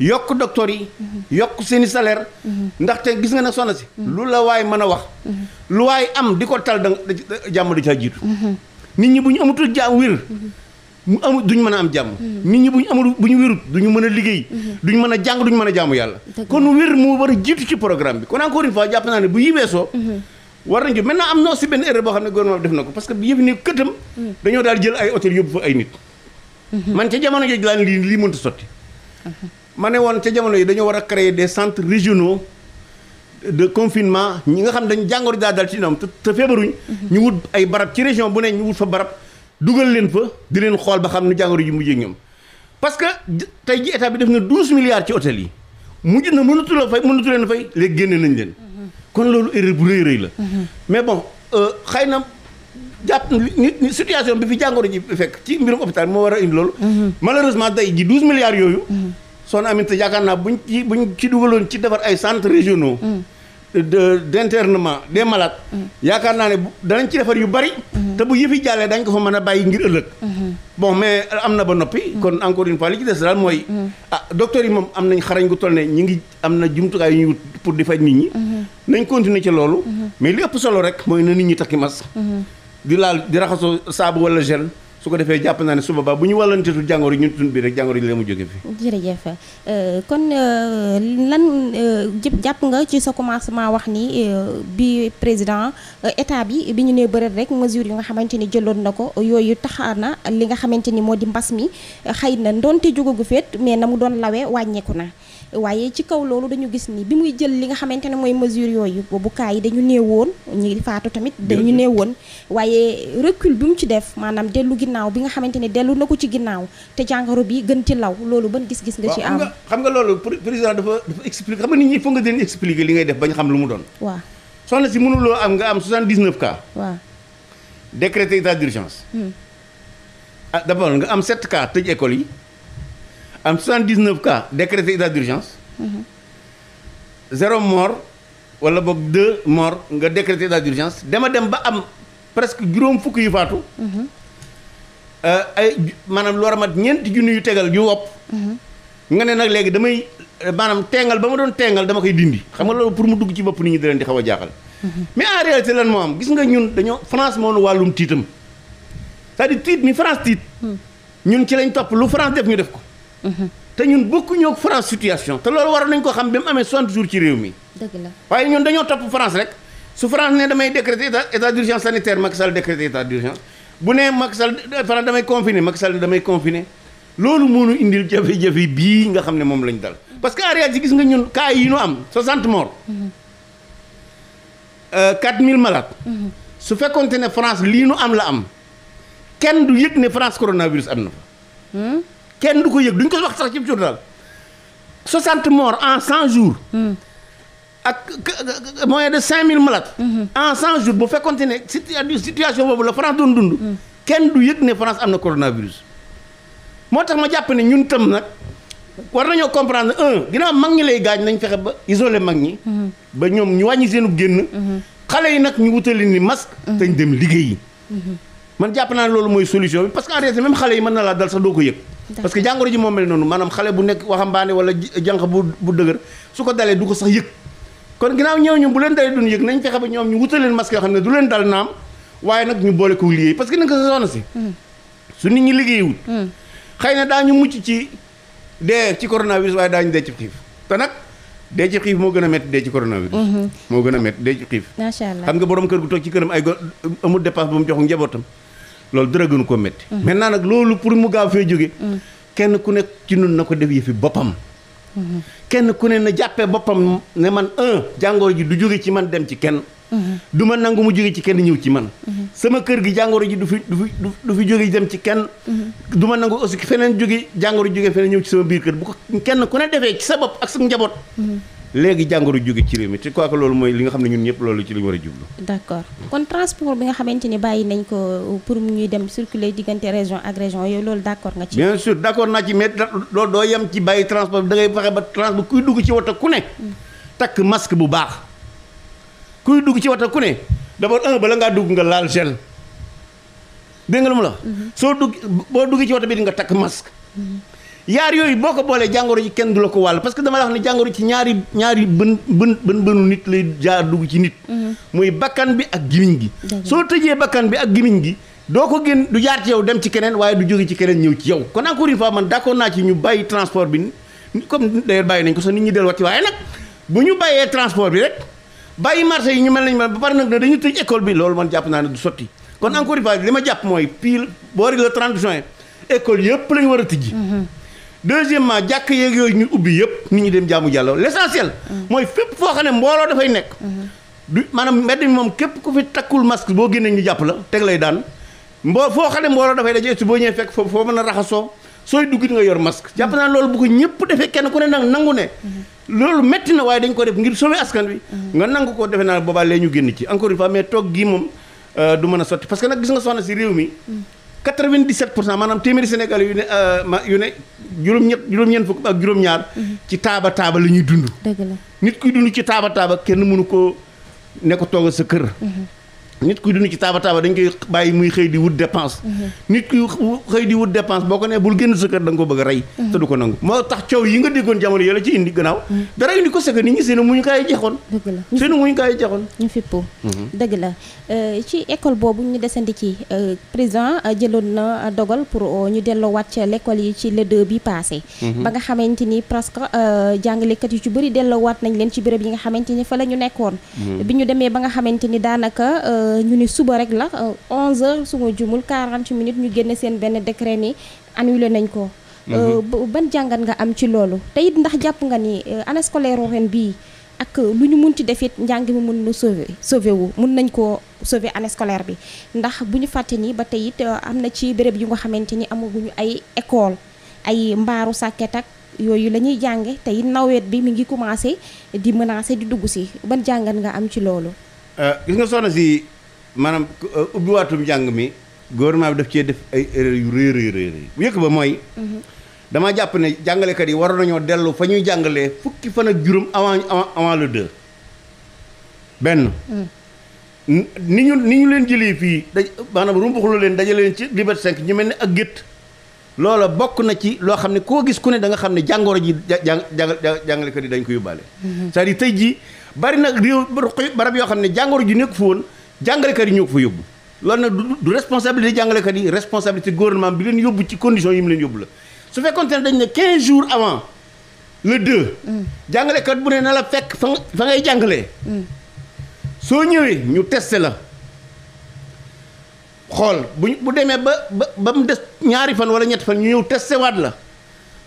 yokk docteur yi. yokk seen i salaire. ndaxte gis nga ne soxna si. lu la waay mën a wax. lu waaye am di ko tal da jàmm da caa jiitu. nit ñi bu ñu amatul jàmm wér. mu amul duñ mën a am jàmm hmm. nit ñi buñ amul bu ñu wérut ñu mën a liggéey hmm. duñ mën a jàng duñ mën a jàmm yàlla kon wér moo war a jiitu ci programme bi kon encore une fois jàpp naa ne bu yi weesoo hmm. war nañ ko maintenant am na aussi benn erreur boo xam ne gouvernement bi def na ko parce que bi yëf ni këtam dañoo daal jël ay hôtel yóbbu fa ay nit man ca jamono jooju laa ne lii lii mënta ma ne woon ca jamono yi dañoo war a créer des centres régionaux de confinement ñi nga xam dañ jàngoro daa dal ci te feebaruñ ñu wut ay barab ci région bu ne ñu wut fa barab dugal leen fa di leen xool ba xam ne jàngoro ji mujjee ñoom parce que tey ji état bi def na douze milliards ci hôtel yi mujj na mënatu la fay mënatu leen fay léegi génne nañ leen. kon loolu erreur bu rëy rëy la. mais bon euh, xay na jàpp nit situation bi fi jàngoro ji fekk ci mbirum hôpital moo war a indi loolu. malheureusement tey ji douze milliards yooyu. Mm-hmm. soxna Aminata yaakaar naa bu buñ ci buñ ci dugaloon ci defar ay centres régionaux. Mm-hmm. de d'internement des malades. yaakaar naa ne danañ ci defar yu bari. te bu yëfi jàllee dañ ko fa mën a bàyyi ngir ëllëg. bon mais am na ba noppi. kon encore une fois li ci des daal mooy. ah docteur yi moom am nañ xarañ gu toll ne ñu ngi am na jumtukaay yu ñu pour di faj nit ñi. nañ continuer ci loolu. mais li ëpp solo rek mooy na nit ñi takki mas di laal di raxasoo saabu wala gel. su ko defee jàpp naa ne su boobaa bu ñu wàllanteetu jàngoro yi ñun tun bi rek jàngoro yi la mu jóge fi jërëjëf euh, kon euh, lan euh, jàpp nga ci sa commencement wax ni bi président état bi bi ñu nee bërët rek mesure yi nga xamante ni jëloon na ko yooyu taxaar na li nga xamante ni moo di mbas mi xëy na ndonte jógagu féet mais na mu doon lawee wàññeeku na waaye ci kaw loolu dañu gis ni bi muy jël li nga xamante ne mooy mesure yooyu bu kaa yi dañu woon ñi faatu tamit dañu woon waaye recul bi mu ci def maanaam dellu ginnaaw bi nga xamante ne dellu na ko ci ginnaaw te jàngoro bi gën ci law loolu ban gis-gis nga ci am xam nga loolu président dafa dafa expliquer xam nga nit ñi foog nga leen expliquer li ngay def bañ xam lu mu doon waaw soxna si mënuloo am nga am 79 cas waaw décrété état d'urgence hmm. ah d'abord nga am 7 cas tëj école yi am 79 cas décrété état d'urgence zéro mort wala boog deux morts nga décrété état d'urgence dama dem ba am presque juróom fukk yu faatu euh, ay maanaam lu war a mat ñeenti junni yu tegal yu wopp nga ne nag léegi damay euh, maanaam teengal ba ma doon teengal dama koy dindi xam nga loolu pour mu dugg ci bopp nit ñu di leen di xaw a jaaxal mais en réalité lan moo am gis nga ñun dañoo France moo nu wàllum tiitam cest à tiit mi France tiit hmm. ñun ci lañ topp lu France ñu def ko te ñun bokk ñoo France situation te loolu waroon nañ ko xam bi mu amee 60 jour ci réew mi. dëgg la waaye ñun dañoo topp France rek su France ne damay décréter état état d' urgence sanitaire Macky Sall décréter état d' urgence bu nee Macky Sall euh, France damay confiner Macky Sall damay confiner loolu moo ñu indil jafe-jafe bii nga xam ne moom lañ dal. parce que en réalité gis nga ñun cas yi nu am 60 morts. 4000 euh, malades. su fekkonte ne France lii nu am la am kenn du yëg ne France coronavirus na kenn du ko yëg duñ ko wax sax ci journal 60 morts en 100 jours. Hmm. ak moyen de mille malades. Hmm. en 100 jours bu fekkonte ne situation boobu la France doon dund. Hmm. kenn du yëg ne France am na coronavirus. moo tax ma jàpp ne ñun tam nag war nañoo comprendre un ginnaaw mag ñi lay gaañ nañ fexe ba isolé mag ñi. ba ñoom ñu wàññi seenu génn. xale yi nag ñu wutali ni masque. te ñu dem liggéeyi. man jàpp naa ne loolu mooy solution bi parce que en réalité même xale yi mën na laa dal sax ko yëg. parce que jàngoro ji moom mel noonu maanaam xale bu nekk waxambaane wala jànq bu bu dëgër su ko dalee du ko sax yëg kon ginaaw ñëw ñu bu leen dalee duñu yëg nañ fexe ba ñoom ñu wutaleen masque yoo xam ne du leen dal naam waaye nag ñu boole ko liggéey parce que nag sa soxna si mm. su nit ñi liggéeywut mm. xëy na daa ñu mucc ci dee ci coronavirus waaye daañu dee ci xiif te nag dee ci xiif moo gën a métti dee ci coronavirus mm-hmm. moo gën a métti dee ci xiif macha allah xam nga borom kër gu toog ci këram ay go amul dépense bu mu jox loolu dara gënu ko métti. Mm-hmm. maintenant nag loolu pour mu gaaw fee jóge mm-hmm. kenn ku nekk ci nun na ko def yëfi boppam. Mm-hmm. kenn ku ne na jàppee boppam ne man un jàngoro ji du jóge ci man dem ci kenn. du ma nangu mu jóge ci kenn ñëw ci man. sama kër gi jàngoro ji du fi du fi du fi jóge dem ci kenn. du ma nangu aussi feneen jóge jàngoro jóge feneen ñëw ci sama biir kër bu ko kenn ku ne defee ci sa bopp ak sa njaboot. léegi jàngoro jóge ci réew mi te quoi que loolu mooy li nga xam ne ñun ñëpp loolu ci li war a jublu. d' accord kon transport bi nga xamante ni bàyyi nañ ko pour ñuy dem circuler diggante région ak région yow loolu d' accord nga ci. bien sûr d' accord naa ci mais doo doo yem ci bàyyi transport bi da ngay fexe ba transport kuy dugg ci woto ku ne. Hmm. takk masque bu baax kuy dugg ci wata ku ne d' abord un bala ngaa dugg nga laal gel dégg la. Hmm. soo dugg dugg ci bi di nga takk masque. Hmm. yaar yooyu boo ko boolee jàngoro ji kenn du la ko wàll parce que dama la wax ne jàngoro ci ñaari ñaari bën bën bën bënu nit lay jaar dugg ci nit mhm. muy bakkan bi ak gimiñ gi soo tëjee bakkan bi ak gimiñ gi doo ko génn du jaar ci yow dem ci keneen waaye du jóge ci keneen ñëw ci yow kon encore une fois man d'accord naa ci ñu bàyyi transport bi comme d'ailleurs bàyyi nañ ko sax nit ñi delluwaat ci waaye nag bu ñu bàyyee transport bi rek bàyyi marché yi ñu mel nañ man ba pare nag ne dañu tëj école bi loolu man jàpp naa ne du sotti kon encore une fois li ma jàpp mooy pile boori le 30 juin école yëpp la war a tijji mhm. deuxièmement jàkk yeeg yooyu ñu ubbi yëpp nit ñi dem jaamu jàllo l' essentiel mooy fépp foo xam ne mbooloo dafay nekk du maanaam mbedd mi moom képp ku fi takkul masque boo génnee ñu jàpp la teg lay daan mboo foo xam ne mbooloo dafay daje su boo ñëwee fekk foofu foo mën a raxasoo sooy dugg nga yor masque jàpp naa loolu bu ko ñëpp defee kenn ku ne nag nangu ne loolu metti na waaye dañ ko def ngir sauver askan wi nga nangu ko defee naa boobaa lee ñu génn ci encore une fois moom euh, du mën a sotti que nag gis nga soxna si réew mi 97 pour cent maanaam téeméeri Sénégal yu ne euh, yu ne juróom-ñett juróom-ñeent fukk ak juróom-ñaar. ci taaba taaba la ñuy dund. dëgg la nit kuy dund ci taaba taaba kenn mënu ko nekk ko toogal sa kër. Mhm. nit kuy dund ci taaba taaba dañ koy bàyyi muy xëy di wut dépense. Mhm. nit kuy xëy di wut dépense boo ko nee bul génn sa kër da nga ko bëgg a rey. Mhm. te du ko nangu moo tax coow yi nga déggoon jamono yële ci indi gannaaw. dara mhm. indi ko sekk nit ñi seen muñu kaay jeexoon. dëgg la seen muñu jeexoon. ñu fippoo. dëgg la euh, ci école boobu ñu desandi ci euh, président euh, jëloon na dogal pour ñu delloowaat ci l'école yi ci le deux bi passé. ba nga xamante presque jàngalekat yu nañ leen ci béréb yi nga xamante ni fa ñu nekkoon. bi ñu demee ba nga xamante ni daanaka ñu ne suba rek la 11 euh, suma su ma jumul 40 minutes ñu génne seen benn décret ni annulé nañ ko. Mhm. Euh, ban jàngat nga am ci loolu te it ndax jàpp nga ni euh, année scolaire bii ak lu ñu mun ci def it njàng mi mun na sauver sauver wu mun nañ koo sauver année scolaire bi ndax bu ñu fàtte nii ba tey it am na ci béréb yu nga xamante ni amaguñu ay école ay mbaaru sàkket ak yooyu lañuy ñuy jànge tey nawet bi mi ngi commencé di menacer di dugg si ban jàngat nga am ci loolu. maanaam euh, ubbiwaatum njàng mi gouvernement bi daf cee def ay yu rëy rëy rëy bu njëkk ba mooy mhm. dama jàpp ne jàngalekat yi waroon nañoo dellu fa ñuy jàngalee fukki fan ak juróom avant avant le deux benn mhm. ni ñu ni ñu leen jëlee fii da maanaam rumbuxlu leen daje leen ci Liberté 5 ñu mel ni ak gétt loola bokk na ci loo xam ne koo gis ku ne danga xam ne jàngoro ji jàng jàngalekat yi dañ ko yóbbaale mhm. c'est-à-dire tey jii bari nag réew barab yoo xam ne jàngoro ji nekk fu jàngalekat yi ñëw ko fa yóbbu loolu nag du responsabilité jàngalekat yi responsabilité gouvernement bi leen yóbbu ci condition yi mu leen yóbbu la su fekkoon ne dañ ne 15 jours avant le mm. jàngalekat bu ne na la fekk fa fa ngay jàngalee. Mm. soo ñëwee ñu testé la xool bu bu demee ba ba mu des ñaari fan wala ñetti fan ñu ñëw testé waat la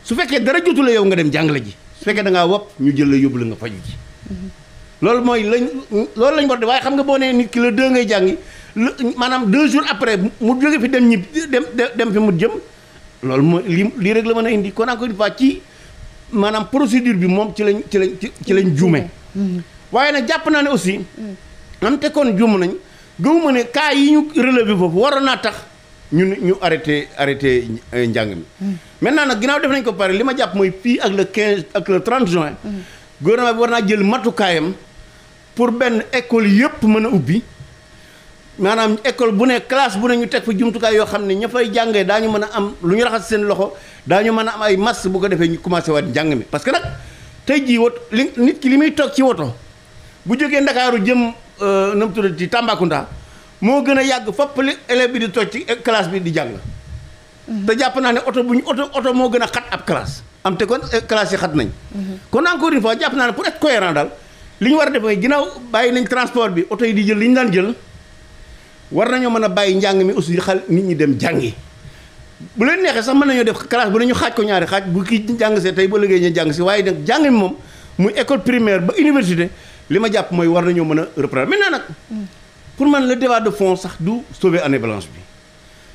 su fekkee dara jotu la yow nga dem jàngale ji su fekkee da ngaa wopp ñu jël la yóbbu la nga faju ji. Mm-hmm. loolu mooy lañ loolu lañ war di waaye xam nga boo nee nit ki la deux ngay jàngi maanaam deux jour après mu jóge fi dem ñib dem dem fi mu jëm loolu mooy lii lii rek la mën a indi kon encore une fois ci maanaam procédure bi moom ci lañ ci lañ ci lañ juume mm-hmm. waaye nag jàpp naa ne aussi mm. am te kon jum nañ gëmuma ne cas yi ñu relevé foofu waroon naa tax ñu ñu arrêté arrêté njàng mi mm. naa nag ginnaaw def nañ ko pare li ma jàpp mooy fii ak le 15 ak le 30 juin mm. gouvernement bi war naa jël matukaayam pour benn école yëpp mën a ubbi maanaam école bu ne classe bu ne ñu teg fa jumtukaay yoo xam ne ña fay jàngee daañu mën a am lu ñu raxas seen loxo daañu mën a am ay masques bu ko defee ñu commencé waat njàng mi. parce que nag tey jii woto li nit ki li muy toog ci woto bu jógee Ndakaaru jëm euh, na mu tuddati Tambacounda moo gën a yàgg fopp li élève bi di toj ci classe di jàng. Mm-hmm. te jàpp naa ne oto bu ñu oto oto moo gën a xat ab classe. am te kon eh, classe yi xat nañ. Mm-hmm. kon encore une fois jàpp naa ne pour être cohérent daal. li ñu war a def mooy ginnaaw bàyyi nañ transport bi oto yi di jël li ñu daan jël war nañoo mën a bàyyi njàng mi aussi xal nit ñi dem jàngi bu leen neexee sax mën nañoo def classe bu nañu xaaj ko ñaari xaaj bu kii jàng see tey ba liggéey ñu jàng si waaye nag jàng mi moom muy école primaire ba université li ma jàpp mooy war nañoo mën a mel maintenant nag pour man le débat de fond sax du sauver année blanche bi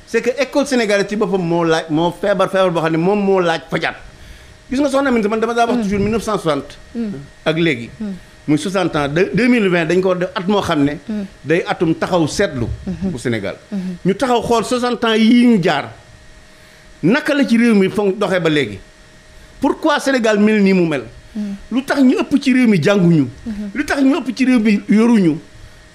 c'est que école sénégalaise ci boppam moo laaj moo feebar feebar boo xam ne moom moo laaj fajaat gis nga soxna Aminata man dama daa wax toujours 1960 mm. ak léegi mm. muy 60 ans de 2020 dañ ko def at moo xam ne. day atum taxaw seetlu. bu senegal ñu taxaw xool 60 ans yii ñu jaar naka la ci réew mi foog doxee ba léegi pour quoi senegal mel nii mu mel. lu tax ñu ëpp ci réew mi jànguñu. lu tax ñu ëpp ci réew mi yoruñu.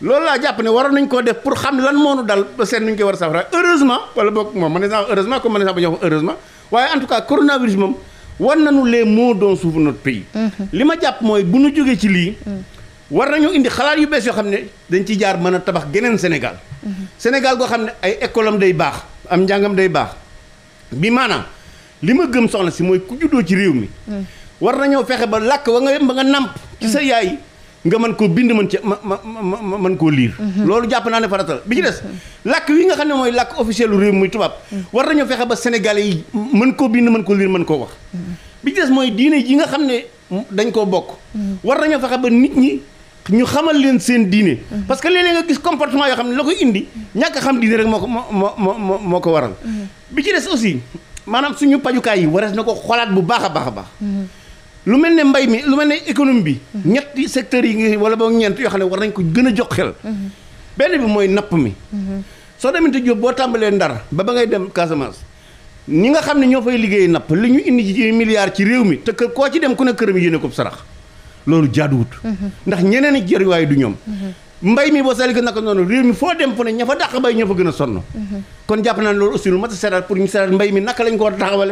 loolu laa jàpp ne waroon nañ koo def pour xam lan moonu dal ba seet nuñ koy war a safara heureusement wala boog moom man heureusement comme man de sax heureusement waaye en war nañu les moo dont souffre notre pays. Mhm. li ma jàpp mooy bu ñu jógee ci lii. Mhm. war nañoo indi xalaat yu bees yoo xam ne dañ ci jaar mën a tabax geneen Sénégal. Mhm. Sénégal goo xam ne ay école am day baax am njàngam day baax bi maanaam li ma gëm soxna si mooy ku juddoo ci réew mi. war nañoo fexe ba làkk wa nga ba nga nàmp. ci sa yaay. nga mën koo bind mën ca ma ma ma man koo liir. Mhm. loolu jàpp naa ne farata la bi ci des. Mhm. làkk wi nga xam ne mooy làkk officiel lu réew muy tubaab. Mhm. war nañoo fexe ba sénégalais yi mën koo bind man koo liir man koo wax. bi ci des mooy diine yi nga xam ne dañ koo bokk. war nañoo fexe ba nit ñi. ñu xamal leen seen diine. parce que léeg-léeg nga gis comportement yoo xam ne la koy indi. ñàkk xam diine rek moo ko moo moo moo ko waral. bi ci des aussi maanaam suñu pajukaay yi warees na ko xolaat bu baax a baax a baax. lu mel ne mbay mi lu mel ne économie bi. ñetti secteurs yi ngi wala boog ñeent yoo xam ne war nañ ko gën a jox xel. benn bi mooy napp mi. soo demee te Jóob boo tàmbalee ndar ba ba ngay dem Casamance. ñi nga xam ne ñoo fay liggéey napp li ñu indi ci milliards ci réew mi te kër koo ci dem ku ne këram yéene ko sarax loolu jaaduwut. Mhm. ndax ñeneen i jariwaay du ñoom. Mhm. mbay mi boo sali gën naka noonu réew mi foo dem fu ne ña fa dàq bay ñoo fa gën a sonn kon jàpp naa ne loolu aussi lu mat a seetaat pour ñu seetaat mbay mi naka lañ ko war ba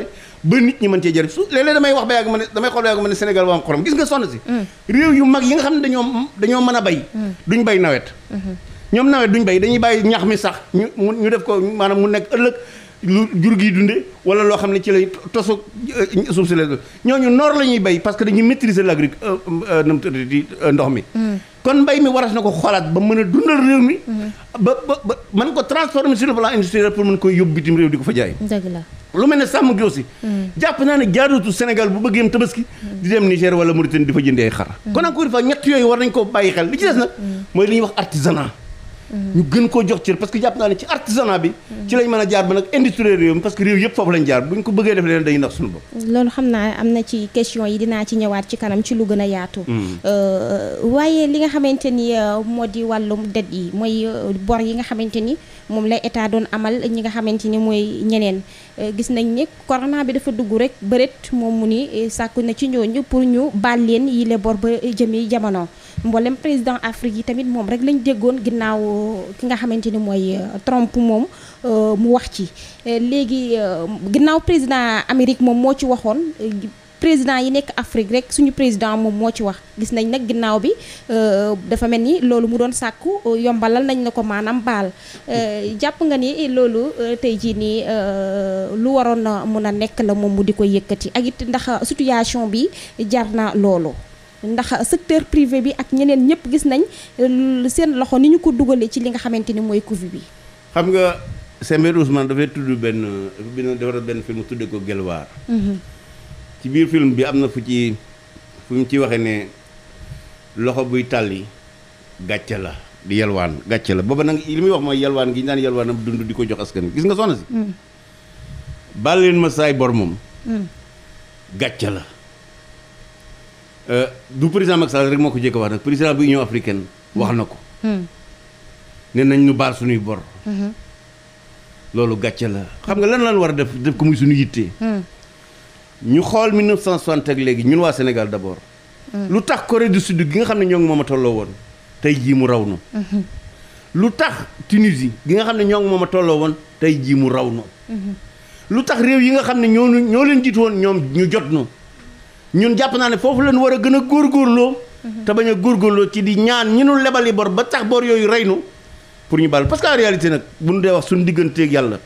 nit ñi mën cee jëriñ su léeg-léeg damay wax ba ma ne damay xool ba yàgg ma ne Sénégal waa xorom gis nga sonn si mm. réew yu mag yi nga xam ne dañoo dañoo mën a bay mm. duñ bay nawet mm-hmm. ñoom nawet duñ bay dañuy bàyyi ñax mi sax ñu ñu def ko maanaam mu nekk ëllëg lu jur gii dunde wala loo xam ne ci lay tosu euh, suuf si la ñooñu noor la ñuy bay parce que dañuy maîtriser l'agriculture euh, euh, ndox mi mm. kon mbay mi waras na ko xoolaat ba mën a dundal réew mi. Mhm. ba ba ba mën ko transformer sur le plan industriel pour mën koy yóbbu bitim réew di ko fa jaay. dëgg la lu mel ne sàmm gi aussi. Mhm. jàpp naa ne jaadutu Sénégal bu bëggee am tabaski. Mhm. di dem Niger wala mu di fa jëndee ay xar. kon encore une fois ñett yooyu war nañ koo bàyyi xel li ci des nag. mooy li ñu wax artisanat. ñu gën koo jox cër parce que jàpp naa ne ci artisanat bi ci lañ mën a jaar ba nag industrie réew mi parce que réew yëpp foofu lañ jaar buñ ko bëggee def leen dañuy nax suñu bopp loolu xam naa am na ci question yi dinaa ci ñëwaat ci kanam ci lu gën a yaatu mm. euh, waaye li nga xamante ni euh, moo di wàllum det yi mooy euh, bor yi nga xamante ni moom la état doon amal ñi nga xamante ni mooy ñeneen gis nañ ni corona bi dafa dugg rek bëret moom mu ni sàkku na ci ñooñu pour ñu baal leen yile bor ba jëmi jamono mboolem président Afrique yi tamit moom rek lañ déggoon ginnaaw ki nga xamante ni mooy euh, Trump moom euh, mu wax ci euh, léegi ginnaaw président Amérique moom moo ci waxoon président yi nekk Afrique rek suñu président moom moo ci wax gis nañ nag ginnaaw bi dafa mel ni loolu mu doon sàkku yombalal nañ ne ko maanaam baal jàpp nga ni loolu tey jii nii lu waroon na mun a nekk la moom mu di ko yëkkati ak ndax situation bi jar na loolu. ndax secteur privé bi ak ñeneen ñëpp gis nañ euh, seen loxo ni ñu ko dugalee ci li nga xamante ni mooy Covid bi. xam nga Sembène Ousmane dafay tudd benn dafa benn film tudde ko Gelwaar. Mhm. biir film bi am na fu ci fu mu ci waxee ne loxo buy tàlli gàcce la di yalwaan gàcce la booba nag li muy wax mooy yalwaan gi ñu daan yalwaanam dund di ko jox askan wi gis nga soxna si. Mhm. baal ma saay bor moom. Mhm. gàcce la. Euh, du président Macky Sall rek moo ko jékk wax nag président bu Union africaine wax na ko hmm. ne nañ ñu baal suñuy bor hmm. loolu gàcce la xam nga lan lan war a def def ko muy suñu yittee hmm. ñu xool 1960 ak léegi ñun waa Sénégal bor lu tax Corée du Sud gi nga xam ne ñoo ngi moom a tolloo woon tey jii mu raw na lu tax Tunisie gi nga xam ne ñoo ngi moom a tolloo woon tey jii mu raw na lu tax réew yi nga xam ne ñoo ñoo leen jiitu woon ñoom ñu jot na ñun jàpp naa ne foofu leen war a gën a góor góorgóorloo mhm. te bañ a góorgóorloo ci di ñaan ñu nu lebali bor ba tax boor yooyu rey nu pour ñu baal parce que en réalité nag bu ñu dee wax suñu digganteeg yàlla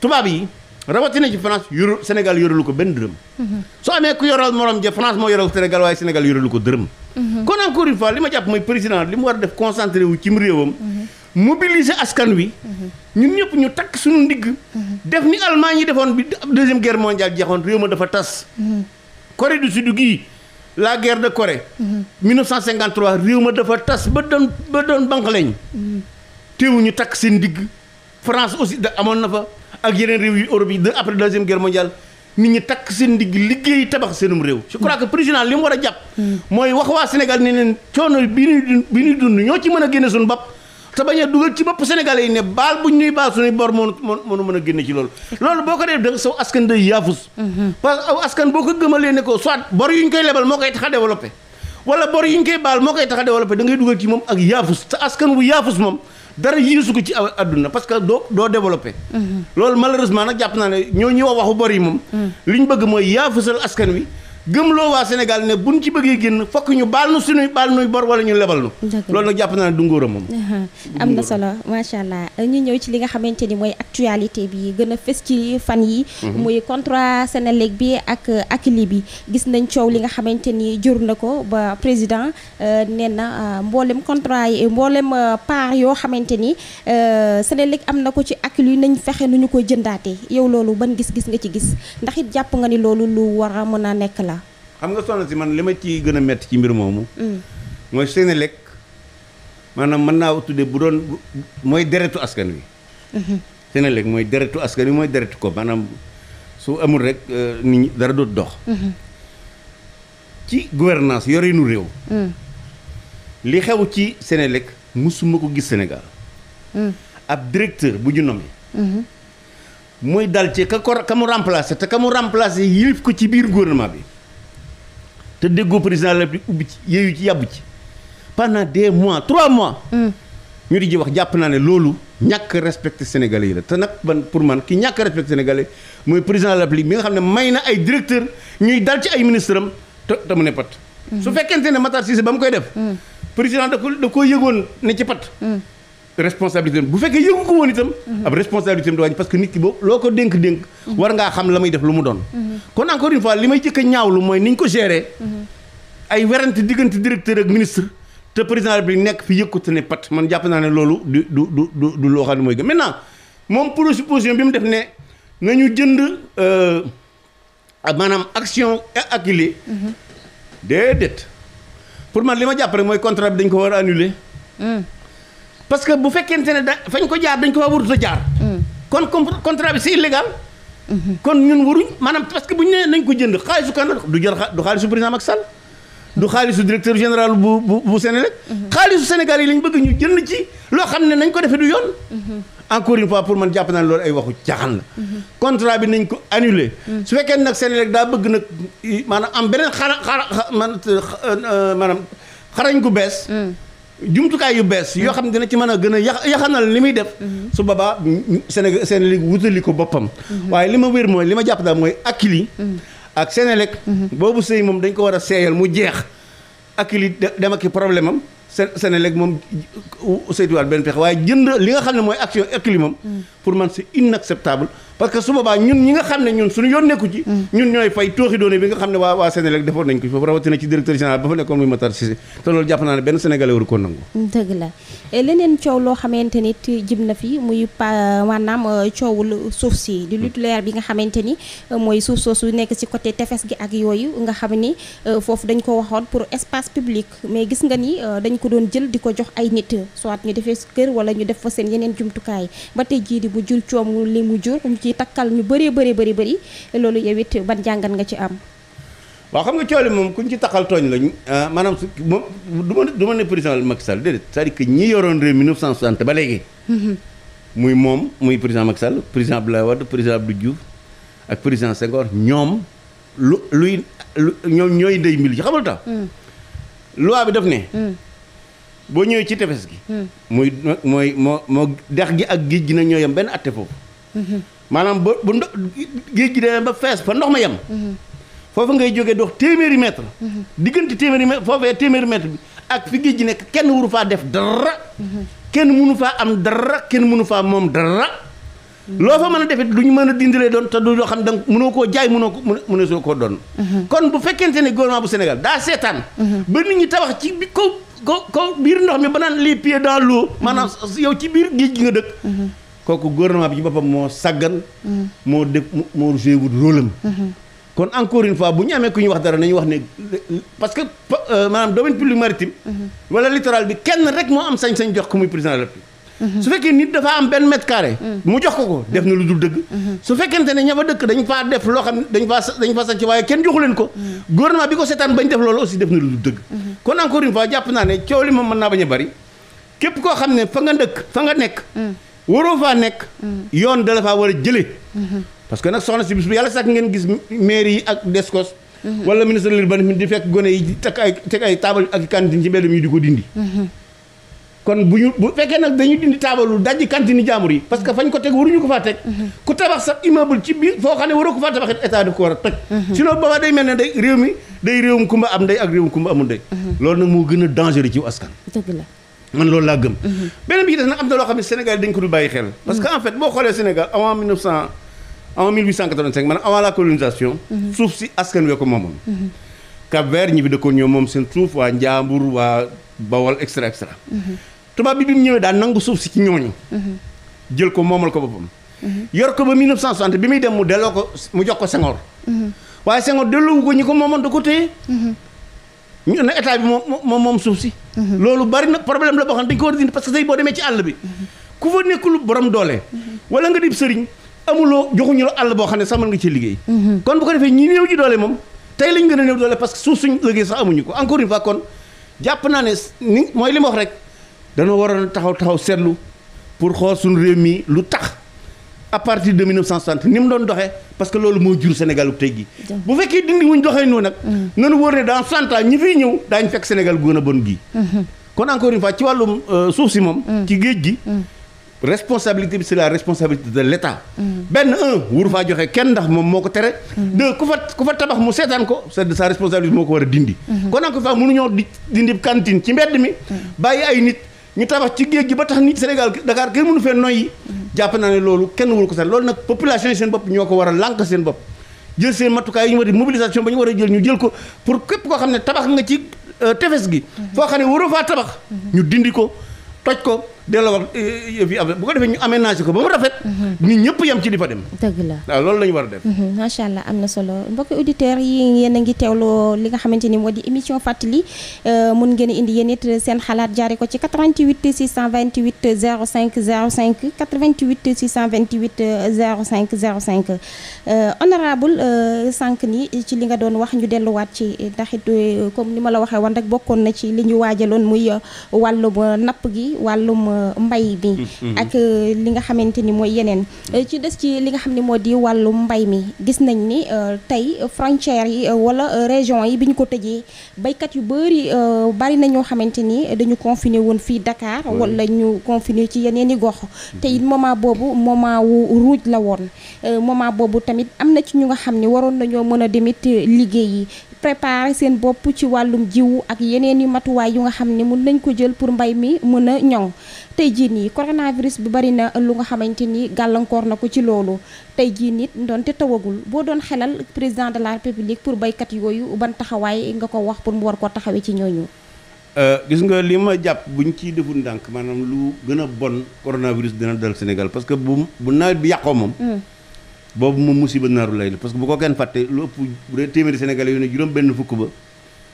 tubaab yi rawatina ci France yoru Sénégal yoralu ko benn dërëm mhm. soo amee ku yoral morom ja France mooy yoral Sénégal waaye Sénégal yoralu ko dërëm mhm. kon encore une fois li ma jàpp mooy président li mu war a def concentré wu cim réewam mobiliser askan wi ñun ñëpp ñu takk suñu ndigg def ni Allemagne yi defoon bi deuxième guerre mondiale jeexoon réew ma dafa tas Corée du Sud gii la guerre de Corée. 1953 mm-hmm. réew ma dafa tas ba doon ba doon banque lañ. Mm-hmm. teewuñu takk seen digg. France aussi da amoon na fa ak yeneen réew yu Europe yi de après deuxième guerre mondiale nit ñi takk seen digg liggéey tabax seenum réew. je crois que président li mu war a jàpp. Mm-hmm. mooy wax waa Sénégal ni leen coono bi ñuy dund bi ñuy ñoo ci mën a génne suñu bopp. te bañ a dugal ci bopp sénégalais yi ne baal buñ ñuy baal suñuy bor moonu moonu mën a génne ci loolu loolu boo ko def da nga askan day yaafus mhm. parce que aw askan boo ko gëmalee ne ko soit bor yu ñu koy lebal moo koy tax a développé wala bor yi ñu koy baal moo koy tax a développé da ngay dugal ci moom ak yaafus te askan bu yaafus moom dara yiisu ko ci àdduna parce que doo doo développé mhm. loolu malheureusement nag jàpp naa ne ñoo ñi wax waxu bor yi moom mhm. li ñu bëgg mooy yaafusal askan wi gëmloo waa Sénégal ne buñ ci bëggee génn fokk ñu baal nu suñuy baal nuy bor wala ñu lebal nu loolu nag jàpp naa ne du moom am na solo macha allah ñu ñëw ci li nga xamante ni mooy actualité bi gën a fës ci fan yi mhm. muy contrat Senelec bi ak Akilee bi gis nañ coow li nga xamante ni jur na ko ba président euh, nee na euh, mboolem contrat yi mboolem euh, part yoo xamante ni Senelec am na ko ci Akilee nañ fexe nu ñu ko jëndaatee yow loolu ban gis-gis nga ci gis ndax it jàpp nga ni loolu lu war a mën a nekk la xam nga soxna si man li ma ci gën a métti ci mbir moomu mm. mooy Senelec maanaam mën naa tuddee bu doon mooy deretu askan wi mm-hmm. Senelec mooy deretu askan wi mooy deretu ko maanaam su amul rek euh, nit ñi dara dootu dox mm-hmm. ci gouvernance yorinu réew mm. li xew ci Senelec musuma ko gis Sénégal mm. ab directeur bu ñu nommé muy mm-hmm. dal ci ka ko ka mu remplacé te ka mu remplacé yilif ko ci biir gouvernement bi te déggoo président de ubbi ci yéeyu ci yàbb ci pendant des mois trois mois. Mm. ñu di ji wax jàpp naa ne loolu ñàkk respecté sénégalais yi la te nag man pour man ki ñàkk respecté sénégalais mooy président de la mi nga xam ne may na ay directeur ñuy dal ci ay ministre am te te mu ne pat. Mm. su fekkente ne Matar Cissé ba mu koy def. Mm. président da ko da koo yëgoon ne ci pat. responsabilité bu fekkee yëngu ko woon itam ab responsabilité am di parce que nit ki boobu loo ko dénk-dénk war ngaa xam la may def lu mu doon kon encore une fois li may jëkk a ñaawlu mooy ni ñu ko gérer ay werante diggante directeur ak ministre te président bi nekk fi yëkkute ne pat man jàpp naa ne loolu du du du loo xam ne mooy gën maintenant moom proposition bi mu def ne nañu jënd euh, maanaam action acculée mm-hmm. déedéet pour man li ma jàpp mooy contrat dañ ko war a annuler mm. parce que bu fekkente ne da fañ ko jaar dañ ko fa a jaar. Mm. kon contrat bi c'est illégal. Mm-hmm. kon ñun waruñ maanaam parce que bu ñu nee nañ ko jënd xaalisu kan du jël du xaalisu président Macky Sall mm-hmm. directeur général bu bu bu Sénélec. Mm-hmm. xaalisu Sénégal yi lañ bëgg ñu jënd ci loo xam ne nañ ko defee du yoon. encore une pour man jàpp naa loolu ay waxu caaxaan la. contrat bi nañ ko annulé. Mm. su fekkee nag Sénélec daa bëgg nag maanaam am beneen xara xara man euh, maanaam xarañ ko bees. Mm. jumtukaay yu bees yoo xam ne dina ci mën a gën a yaxanal li muy def mhm. su boobaa Sénégal Sénégal wutali ko boppam mhm. waaye li ma wér mooy li ma jàpp daal mooy Akilee mhm. ak Sénélec boobu sëy moom dañ ko war a seeyal mu jeex Akilee dem ak problème am Sénélec moom saytuwaat benn pexe waaye jënd li nga xam ne mooy action Akilee moom pour man c'est inacceptable parce que su boobaa ñun ñi nga xam ne ñun suñu yoon nekku ci mm. ñun ñooy fay tooxi doone bi nga xam ne waa waa Sénégal defoon nañ ko foofu rawatina ci mm, leneen coow loo xamante ni na fi muy maanaam euh, coowul suuf si di lutte mm. leer bi nga xamante ni euh, mooy suuf soosu nekk ci côté tefes gi ak yooyu nga xam ni euh, foofu dañ ko waxoon pour espace public mais gis nga ni dañ ko doon jël di ko jox ay nit soit ñu defee kër wala ñu def fa seen yeneen jumtukaay ba tey jii di bu jur coom li mu yi takkal ñu bëree bëree bëri bëri loolu yow it jàngat nga ci am. waaw xam nga coole moom kuñ ci taxal tooñ lañ ah, maanaam moom du ma du ma ne président Macky Sall déedéet c'est-à-dire que ñi yoroon réew 1960 ba léegi. Mhm. muy moom muy président Macky Sall président Abdoulaye Wade président Abdou Diouf ak président Senghor ñoom lu luy lu ñoom ñooy ndey mil ci xamal tax. Mm. loi bi daf ne. Mm. boo ñëwee ci tefes gi. Mm. muy mooy moo moo dex gi ak géej gi nag ñoo yam benn atte foofu. Mm-hmm. maanaam ba bu ndox géej gi demee ba fees fa ndox ma yam foofu ngay jógee dox téeméeri mètre. diggante téeméeri mètre foofee téeméeri mètre bi ak fi géej gi nekk kenn wuru faa def dara. kenn mënu faa am dara kenn mënu faa moom dara. loo fa mën a defit lu ñu mën a dindilee doon te du loo xam da mënoo koo jaay mënoo ko mënoo soo koo doon. kon bu fekkente ne gouvernement bu Sénégal daa seetaan. ba nit ñi tabax ci bi kaw kaw biir ndox mi ba naan les pieds dans l'eau maanaam yow ci biir géej gi nga dëkk. kooku gouvernement bi ci boppam moo sàggan moo def moo joué wut rôle kon encore une bu ñu amee ku ñu wax dara nañu wax ne parce que euh, maanaam domaine public maritime wala littoral bi kenn rek moo am sañ-sañ jox ko muy président de la République su fekkee nit dafa am benn mètre carré mu jox ko ko def na lu dul dëgg su fekkente ne ña fa dëkk dañ faa def loo xam ne dañ faa dañ faa sañ waaye kenn joxu ko gouvernement bi ko seetaan bañ def loolu aussi def na lu dul dëgg kon encore une fois jàpp naa ne coow li moom mën naa koo xam ne fa nga dëkk fa nga nekk waroo faa nekk. Mm-hmm. yoon da la faa war a jëlee. Mm-hmm. parce que nag soxna si bis bu yàlla sax ngeen gis mairie yi ak descos. Mm-hmm. wala ministre de l'urbanisme di fekk gone yi teg ay teg ay taabal ak ci mbedd mi di ko dindi. kon bu ñu bu fekkee nag dañuy dindi taabalu dajji cantine jaamur yi parce que fañ ko teg waruñu ko faa teg. ku tabax sax immeuble ci biir foo xam ne waroo ko faa tabax état daf ko war a toj. sinon booba day mel ne day réew mi day réewum kumba am ndey ak réewum loolu nag moo gën a dangereux ci askan. man loolu laa gëm. Mhm. beneen bi ci nag am na loo xam ne Sénégal dañ ko dul bàyyi xel. parce que mhm. en boo xoolee Sénégal avant 1900 avant 1885 maanaam la colonisation. Mhm. suuf si askan wee ko moomoon. Cap-Vert ñi fi dëkkoon ñoom moom seen suuf waa Njaambur waa Bawol extra extra. tubaab bi bi mu ñëwee daa nangu suuf si ci ñooñu. jël ko moomal ko boppam. yor ko ba 1960 bi muy dem mu delloo ko mu jox ko Senghor. waaye Senghor delloo ko ñi ko moomoon da ko téye. ñu ne état bi moom moom suuf si. Mhm. loolu bari na problème la boo xam dañ ko war a dindi parce que tey boo demee ci àll bi. Mhm. ku fa nekkul borom doole. Mhm. wala nga dib sëriñ amuloo joxuñu la àll boo xam ne sax mën nga ci liggéey. kon bu ko defee ñi néew ji doole moom tey lañ gën a néew doole parce que suuf suñ liggéey sax amuñu ko encore une kon jàpp naa ne ni mooy li ma wax rek danoo waroon taxaw taxaw seetlu pour xool suñu réew mii lu tax. à partir de 1960 ni mu doon doxee parce que loolu moo jur Sénégal bu tey gi bu fekkee dindi wuñ doxee noonu nag. Mm. nañu wóor ne dans 100 ñi fiy ñëw daañu fekk Sénégal gu a bon gi mm-hmm. kon encore une fois ci wàllum euh, suuf si moom. Mm. ci géej gi. Mm. responsabilité bi c'est la responsabilité de l'État. benn un faa joxe kenn ndax moom moo ko tere. deux ku fa ku fa tabax mu seetaan ko c'est de sa responsabilité moo ko war a dindi. Mm-hmm. kon encore une fois mënuñoo di dindi cantine ci mbedd mi. ay nit. ñu tabax ci géej gi ba tax nit Sénégal Dakar kenn mënu fee noyyi mm-hmm. jàpp naa ne loolu kenn wul ko sax loolu nag population yi seen bopp ñoo ko war a lànk seen bopp jël seen matukaay yi ñu war a mobilisation ba ñu war a jël ñu jël ko pour képp koo xam ne tabax nga ci euh, tefes gi mm-hmm. foo xam ne waroo faa tabax mm-hmm. ñu dindi ko toj ko delloo wax eh, yëf yi bu ko defee ñu aménagé ko ba mu rafet. Mhm. ñun ñëpp yam ci di fa dem. dëgg la waaw loolu war a def. Mhm, macha allah am na solo mbokki auditeurs yi yéen a ngi teewloo li nga xamante ni moo di émission fàttali euh, mun ngeen indi yéen it seen xalaat jaare ko ci 88 628 05 05 88 628 05 05 honorable euh, sànq ni ci li nga doon wax ñu delluwaat ci ndax it euh, comme ni ma la waxee woon rek bokkoon na ci li ñu waajaloon muy wàllum napp gi wàllum. mbay bi mm, mm. ak euh, li nga xamante ni mooy yeneen euh, ci des ci li nga xam ne moo di wàllu mbay mi gis nañ ni euh, tey frontières yi wala région yi bi ñu ko tëjee baykat yu bëri bari na ñoo xamante ni dañu confiné woon fii Dakar wala ñu confiné ci yeneen i gox te it moment boobu moment wu ruuj la woon moment boobu tamit am na ci ñu nga xam ne waroon nañoo mën a demit liggéey yi préparer seen bopp ci wàllum jiw ak yeneen yu matuwaay yu nga xam ne mun nañ ko jël pour mbay mi mën a ñoŋ tey jii nii coronavirus bu bari na lu nga xamante ni gàllankoor na ko ci loolu tey jii nit doonte tawagul boo doon xelal président de la république pour baykat yooyu ban taxawaay nga ko wax pour mu war ko taxawee ci ñooñu. Euh, gis nga li ma jàpp buñ ciy deful ndànk maanaam lu gën a bon coronavirus dina dal Sénégal parce que bu bu nawet bi yàqoo moom. Hmm. boobu moom musiba naaru lay la parce que bu ko kenn fàtte lu ëpp bu dee téeméeri sénégalais yu ne juróom benn fukk ba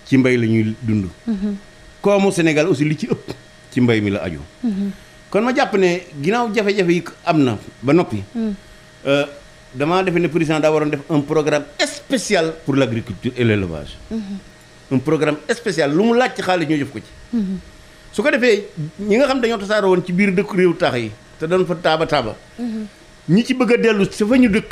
ci mbay la ñuy dund mhm. koomu sénégal aussi li ci ëpp ci mbay mi la aju mhm. kon ma jàpp ne ginnaaw jafe-jafe yi am na ba noppi mhm. euh, damaa defe ne président daa waroon def un programme spécial pour l' agriculture et l' élevage un programme spécial lu mu laaj ci xaalis ñoo jëf ko ci su ko defee ñi nga xam dañoo tasaaroo woon ci biir dëkk réew taax yi te doon fa taaba ñi ci bëgg a dellu sa fa ñu dëkk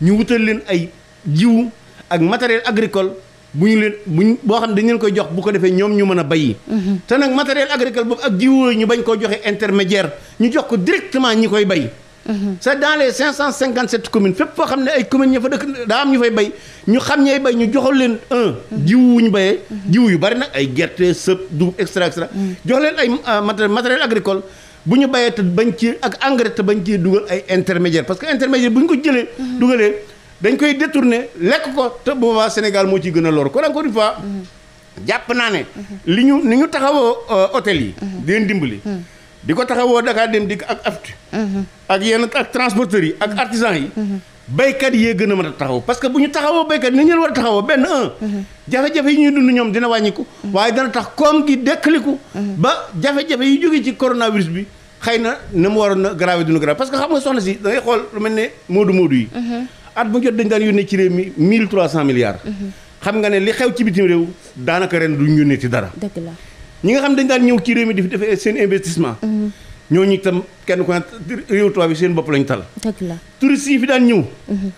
ñu wutal leen ay jiwu ak matériel agricole bu ñu leen bu ñu boo xam ne dañu leen koy jox bu ko defee ñoom ñu mën a bayyi mhm. te nag matériel agricole boobu ak jiwu ñu bañ koo joxe intermédiaire ñu jox ko directement ñi koy bay sa mhm. c'est dans les 557 communes fépp foo xam ne ay communes ña fa dëkk daa am ñu fay bay ñu xam ñay bay ñu joxal leen jiw mhm. jiwu wu ñu bayee jiw yu bari nag ay gerte sëb dugub extra extra jox leen ay euh, matériel matériel agricole bu ñu bayee te bañ ci ak engrais te bañ ci dugal ay intermédiaire parce que intermédiaire bu ñu ko jëlee mhm. dugalee dañ koy détourner lekk ko te boobaa Sénégal moo ciy gën a lor kon encore fois mhm. jàpp naa ne mhm. li ñu ni ñu taxawoo euh, hôtel yi di leen dimbali di ko taxawoo Dakar dem dikk ak aftu ak yenn ak transporteurs yi ak artisans yi béykat yee gën a mën a taxaw parce que bu ñu taxawoo béykat ni ñu war a taxawoo benn un jafe-jafe yi ñuy dund ñoom dina wàññiku waaye dana tax koom gi dekkaliku ba jafe-jafe yi jógee ci coronavirus bi xëy na ne mu waroon a grave dunu grave parce que xam nga soxna si da xool lu mel ne moodu moodu yi at bu jot dañ daan yónnee ci réew mi mille trois cent milliards xam nga ne li xew ci bitim réew daanaka ren duñ yónnee ci dara dëgg ñi nga xam dañ daan ñëw ci réew mi di fi defee seen investissement ñooñu itam kenn ku réew tubaab yi la touristes yi fi daan ñëw. Mhm.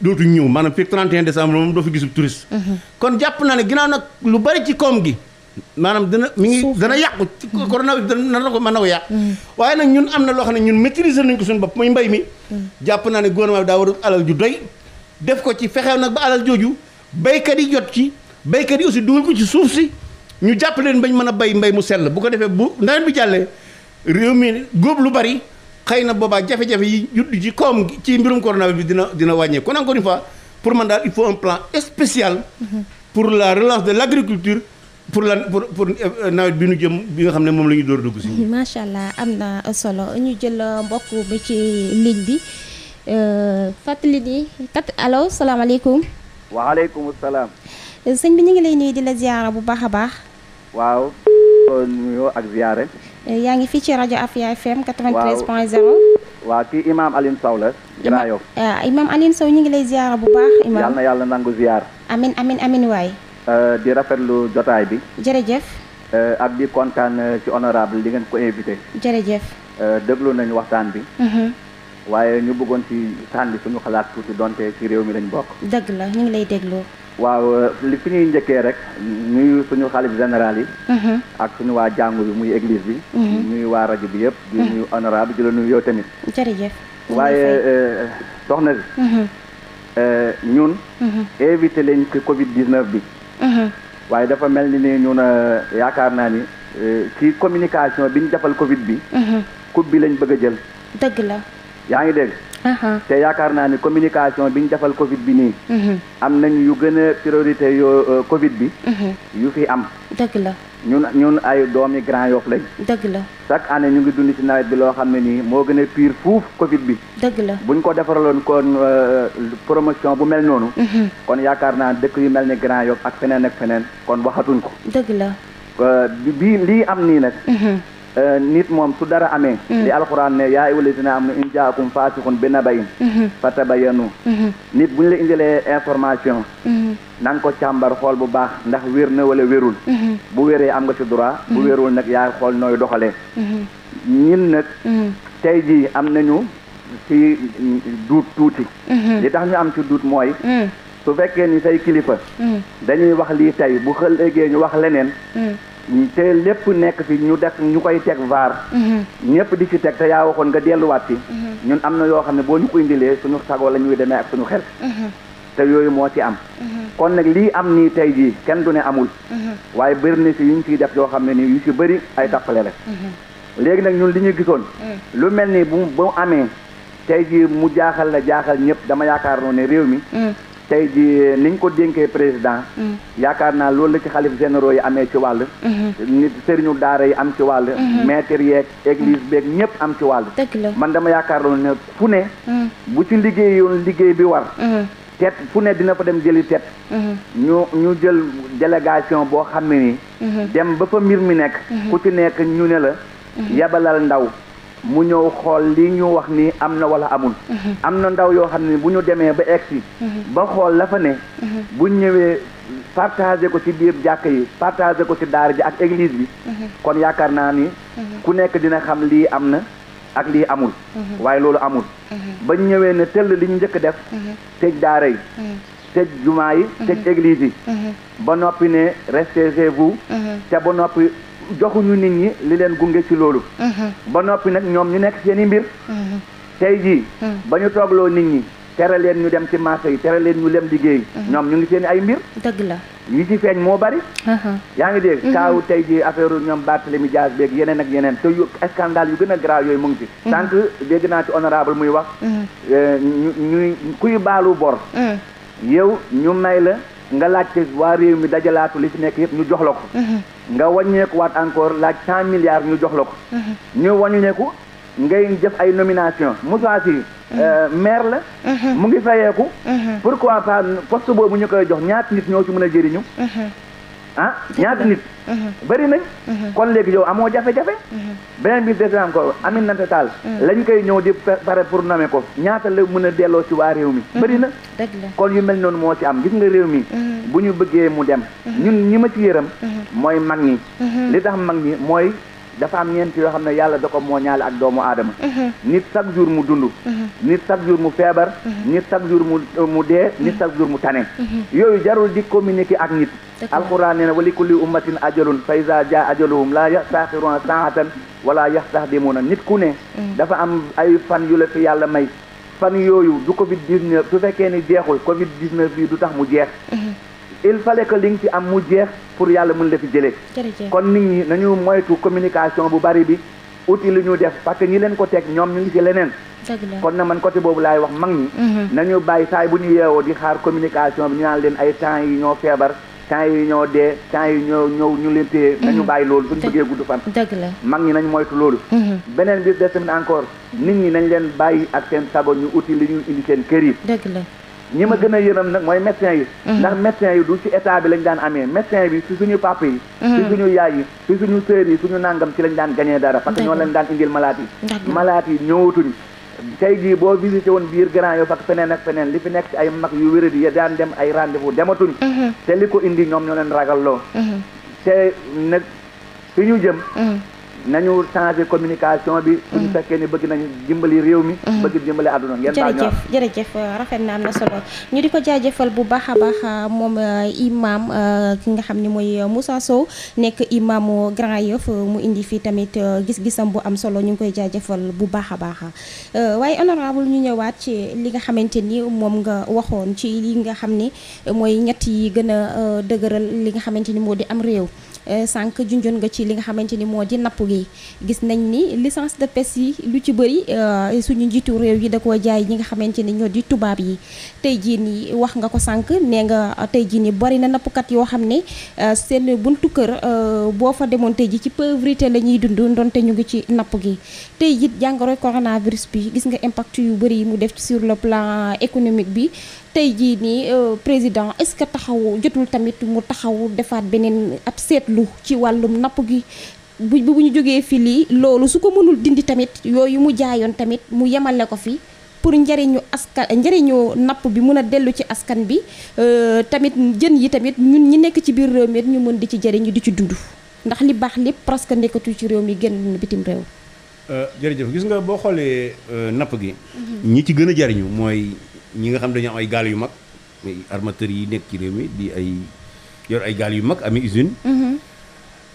dootuñ ñëw maanaam fii 31 décembre moom doo fi gisul touriste. Mhm. kon jàpp naa ne ginnaaw nag lu bari ci koom gi. maanaam dana mi ngi dana yàqu ci mhm. corona bi dana na ko mën na ko yàq waaye nag ñun am na loo xam ne ñun maîtriser nañ ko suñu bopp muy mbay mi jàpp naa ne gouvernement bi daa war a alal ju doy def ko ci fexew nag ba alal jooju baykat yi jot ci baykat yi aussi dugal ko ci suuf si ñu jàpp le bañ mën a bay mbay mu sell bu ko defee bu nawet bi jàllee réew mi góob lu bari xëy na boobaa jafe-jafe yi judd ci koom ci mbirum corona bi dina dina wàññeeku kon encore une fois pour man daal il faut un plan spécial. pour la relance de l' agriculture. pour lan pour pour euh, nawet bi nu jëm bi nga xam ne moom la ñu door dugg si. macha allah am na solo ñu jël euh, mbokk bi ci ligne bi euh, fàttali ni kat allo salaamaaleykum. waaleykum salaam. sëñ bi ñu ngi di la ziara bu baax a baax. waaw. ak ziare. Eh, yaa ngi fii ci rajo Afia FM 93 point 0 waaw kii imaam Alioune Sow la Grand Yoff waaw ah, imaam Alioune Sow ñu ngi lay ziyaara bu baax imaam na yàlla nangu ziyaar amin amin amin waay euh, di rafetlu jotaay bi jërëjëf euh, ab di kontaan euh, ci honorable di ngeen ko invité jërëjëf déglu nañu waxtaan bi mm-hmm. waaye ñu bëggoon ci sànni suñu xalaat tuuti donte ci réew mi lañ bokk dëgg la ñu ngi lay déglu waaw euh, li fi ñuy njëkkee rek nuyu suñu xalif général yi mhm. ak suñu waa jàngu bi muy église bi mhm. nuyu waa rajo bi yëpp di mhm. nuyu honorable di la nuyu yow tamit waaye euh, soxna si euh, ñun éviter lañ ci covid 19 bi waaye dafa mel ni ni ñun yaakaar naa ni ci communication bi ñu defal covid bi coupe bi lañ bëgg a jël dëgg la yaa ngi dégg Uh-huh. te yaakaar naa ni communication bi ñu defal Covid bi nii. Mm-hmm. am nañ yu gën a priorité yoo euh, Covid bi. Mm-hmm. yu fi am. dëgg la ñun ñun ay doomi Grand Yoff lañ. dëgg la chaque année ñu ngi dund ci nawet bi loo xam ne nii moo gën a pire fuuf Covid bi. dëgg la buñ ko defaraloon kon euh, promotion bu mel noonu. Mm-hmm. kon yaakaar naa dëkk yu mel ni Grand Yoff ak feneen ak feneen kon waxatuñ ko. dëgg la. Euh, bi lii am nii nag. Euh, nit moom su dara amee mm. li alxuraan ne yaa ayyuhal lazina aamanu in jaakum faasiqun bi naba'in mm-hmm. fatabayyanu mm-hmm. nit bu ñu la indilee information mm-hmm. na ko càmbar xool bu baax ndax wér na wala wérul bu wéree am nga ci droit bu wérul nag yaay xool nooy doxalee ñin nag tey jii am nañu ci duut tuuti li tax ñu am ci duut mooy mm. su fekkee ni say kilifa mm. dañuy wax lii tey bu xëllëgee ñu wax leneen te lépp nekk fi ñu def ñu koy teg vaar mhm. ñëpp di ci teg te yaa waxoon nga delluwaat fi mhm. ñun am na yoo xam ne boo ñu ko indilee suñu sagoo la ñuy demee ak suñu xel mhm. te yooyu moo ci am kon nag lii am nii tey jii kenn du ne amul waaye bëri na si yu ñu ciy def yoo xam ne nii yu ci bëri ay tappale la léegi nag ñun li ñuy gisoon lu mel ni bu bu amee tey jii mu jaaxal la jaaxal ñëpp dama yaakaar noonu ne réew mi tey ji ni ñu ko dénkee président mm. yaakaar naa loolu la ci xalif généro yi amee ci wàll mm-hmm. nit sëriñu daara yi am ci wàll mm-hmm. maître yeeg église beeg ñëpp am ci wàll man dama yaakaar loolu ne fu ne mm. bu ci liggéey yoon liggéey bi war mm-hmm. tet fu ne dina fa dem jëli tet ñu ñu jël délégation boo xam ne nii dem ba fa mbir mi nekk ku ci nekk ñu ne la yabalal ndaw mu ñëw xool li ñu wax nii am na wala amul mm-hmm. am na ndaw yoo xam ne bu ñu demee ba egsi mm-hmm. ba xool la fa ne mm-hmm. bu ñëwee partagé ko ci biir jàkk yi partagé ko ci daara ji ak église yi kon yaakaar naa ni ku nekk dina xam lii am na ak lii amul waaye loolu amul bañ ñëwee ne tëll li ñu njëkk def tëj daara yi tëj jumaa yi tëj église yi ba noppi ne restez chez vous te ba noppi joxuñu nit ñi li leen gunge ci loolu mhm. ba noppi nag ñoom ñu nekk seen i mbir mhm. tey jii mhm. ba ñu loo nit ñi tere leen ñu dem ci marché yi tere leen ñu lem liggéey ñoom ñu ngi seen ay mbir dëgg la yi ci feeñ moo bari yaa ngi dégg kaaw tey jii affaire ñoom Barthélémy Dias beeg yeneen ak yeneen te yu scandale yu gën a grave yooyu mu ngi ci tant que dégg naa ci honorable muy wax eh, ñuy kuy baalu bor yow ñu may la nga laaj ke waa réew mi dajalaatu li ci nekk yëpp ñu jox la ko mhm. nga waññeeku waat encore laaj cent milliards ñu jox la ko mhm. ñu wàññeeku ngay def ay nomination Moussa Sy mhm. euh, maire la mu ngi fayeeku pourquoi pas poste boobu ñu koy jox ñaata nit ñoo ci mën a jëriñu ah ñaata nit uh-huh. bëri nañ uh-huh. kon léegi yow amoo jafe-jafe uh-huh. beneen bi des encore Aminata Tall lañ koy ñëw di pare pour nommer ko ñaata la mën a delloo ci waa réew mi bëri na kon yu mel noonu moo ci am gis nga réew mi bu ñu bëggee mu dem ñun ñi ma ci yërëm mooy mag ñi li tax mag ñi mooy dafa am ñeent yoo xam ne yàlla da ko moo ñaale ak doomu adama mhm. nit chaque jour mu dund mhm. nit chaque jour mu feebar mhm. nit chaque jour mu euh, mu dee nit chaque jour mu tane yooyu jarul di communiquer ak nit alquran nee na wali kulli ummatin ajalun fa iza jaa laa yastaaxiruna saatan wala yastaxdimuuna nit ku ne dafa am ay fan yu la fi yàlla may fan yooyu du covid 19 su fekkee ni jeexul covid 19 bi du tax mu jeex il fallait lekk li nga ci am mu jeex pour yàlla mun la fi jëlee kon nit ñi nañu moytu communication bu bari bi uti li ñu def parce que ñi leen ko teg ñoom ñu ngi ci leneen kon na man côté boobu laay wax mag ñi mhm. nañu bàyyi saay bu ñu yeewoo di xaar communication bi ñu naan leen ay temps yi ñoo feebar temps yi ñoo dee temps yi ñoo ñëw ñu leen téye mhm. nañu bàyyi loolu suñu bëggee gudd fan dëgg la mag ñi nañ moytu loolu mhm. beneen bi des tamit encore nit ñi nañ leen bàyyi ak seen sago ñu uti li ñuy indi seen kër yi dëgg la ñi ma gën a yërëm nag mooy médecin yi mm-hmm. ndax médecin yi du ci état bi lañ daan amee médecin bi ci suñu papa yi mm-hmm. ci suñu yaay yi ci suñu sœur yi suñu nàngam ci lañ daan gañee dara parce que ñoo lañ daan indil malade yi malade yi ñëwatuñ tey jii boo visité woon biir Grand Yoff ak feneen ak feneen li fi nekk ci ay mag yu wéradi ya daan dem ay rendez-vous dematuñ mm-hmm. te li ko indi ñoom ñoo leen ragalloo te nag fi ñu jëm nañu changé communication bi. Mm. suñu fekkee ne bëgg nañu dimbali réew mi. Mm. bëgg dimbali àdduna ngeen baa jërëjëf jërëjëf euh, rafet na am na solo ñu di ko jaajëfal bu baax a baax euh, moom euh, imam ki nga xam ni mooy Moussa Sow nekk imaamu Grand Yoff mu indi fii tamit gis-gisam bu am solo ñu ngi koy jaajëfal bu baax a baax waaye honorable ñu ñëwaat ci li nga xamante ni moom nga waxoon ci li nga xam ni mooy ñett yi gën a dëgëral li nga xamante ni moo di am réew. Eh, sànq junjoon nga ci li nga xamante ni moo di napp gi gis nañ ni licence de pêche yi lu ci bëri eh, suñu njiitu réew yi da koo jaay ñi nga xamante ni ñoo di tubaab yi tey jii nii wax nga ko sànq nee nga eh, tey jii nii bari na nappkat yoo xam ne seen buntu kër boo fa demoon tey ji ci pauvreté la ñuy dund ñu ngi ci napp gi tey it jàngoro coronavirus bi gis nga impact yu bëri yi mu def ci sur le plan économique bi tey jii nii euh, président est-ce que taxaw jotul tamit mu taxaw defaat beneen ab seetlu ci wàllum napp gi bu bu ñu jógee fii lii loolu su ko mënul dindi tamit yooyu mu jaayoon tamit mu yemale ko fi pour njëriñu askan njëriñu napp bi mun a dellu ci askan bi euh, tamit jën yi tamit ñun ñi nekk ci biir réew mi ñu mën di ci jëriñu di ci dund ndax li baax lépp presque nekkatu ci réew mi génn bitim réew. Euh, jërëjëf gis nga boo xoolee napp gi. Mhm. ñi ci gën a jëriñu mooy. ñi nga xam dañu am ay gaal yu mag armateurs yi nekk ci réew mi di ay yor ay gaal yu mag ami usine mhm.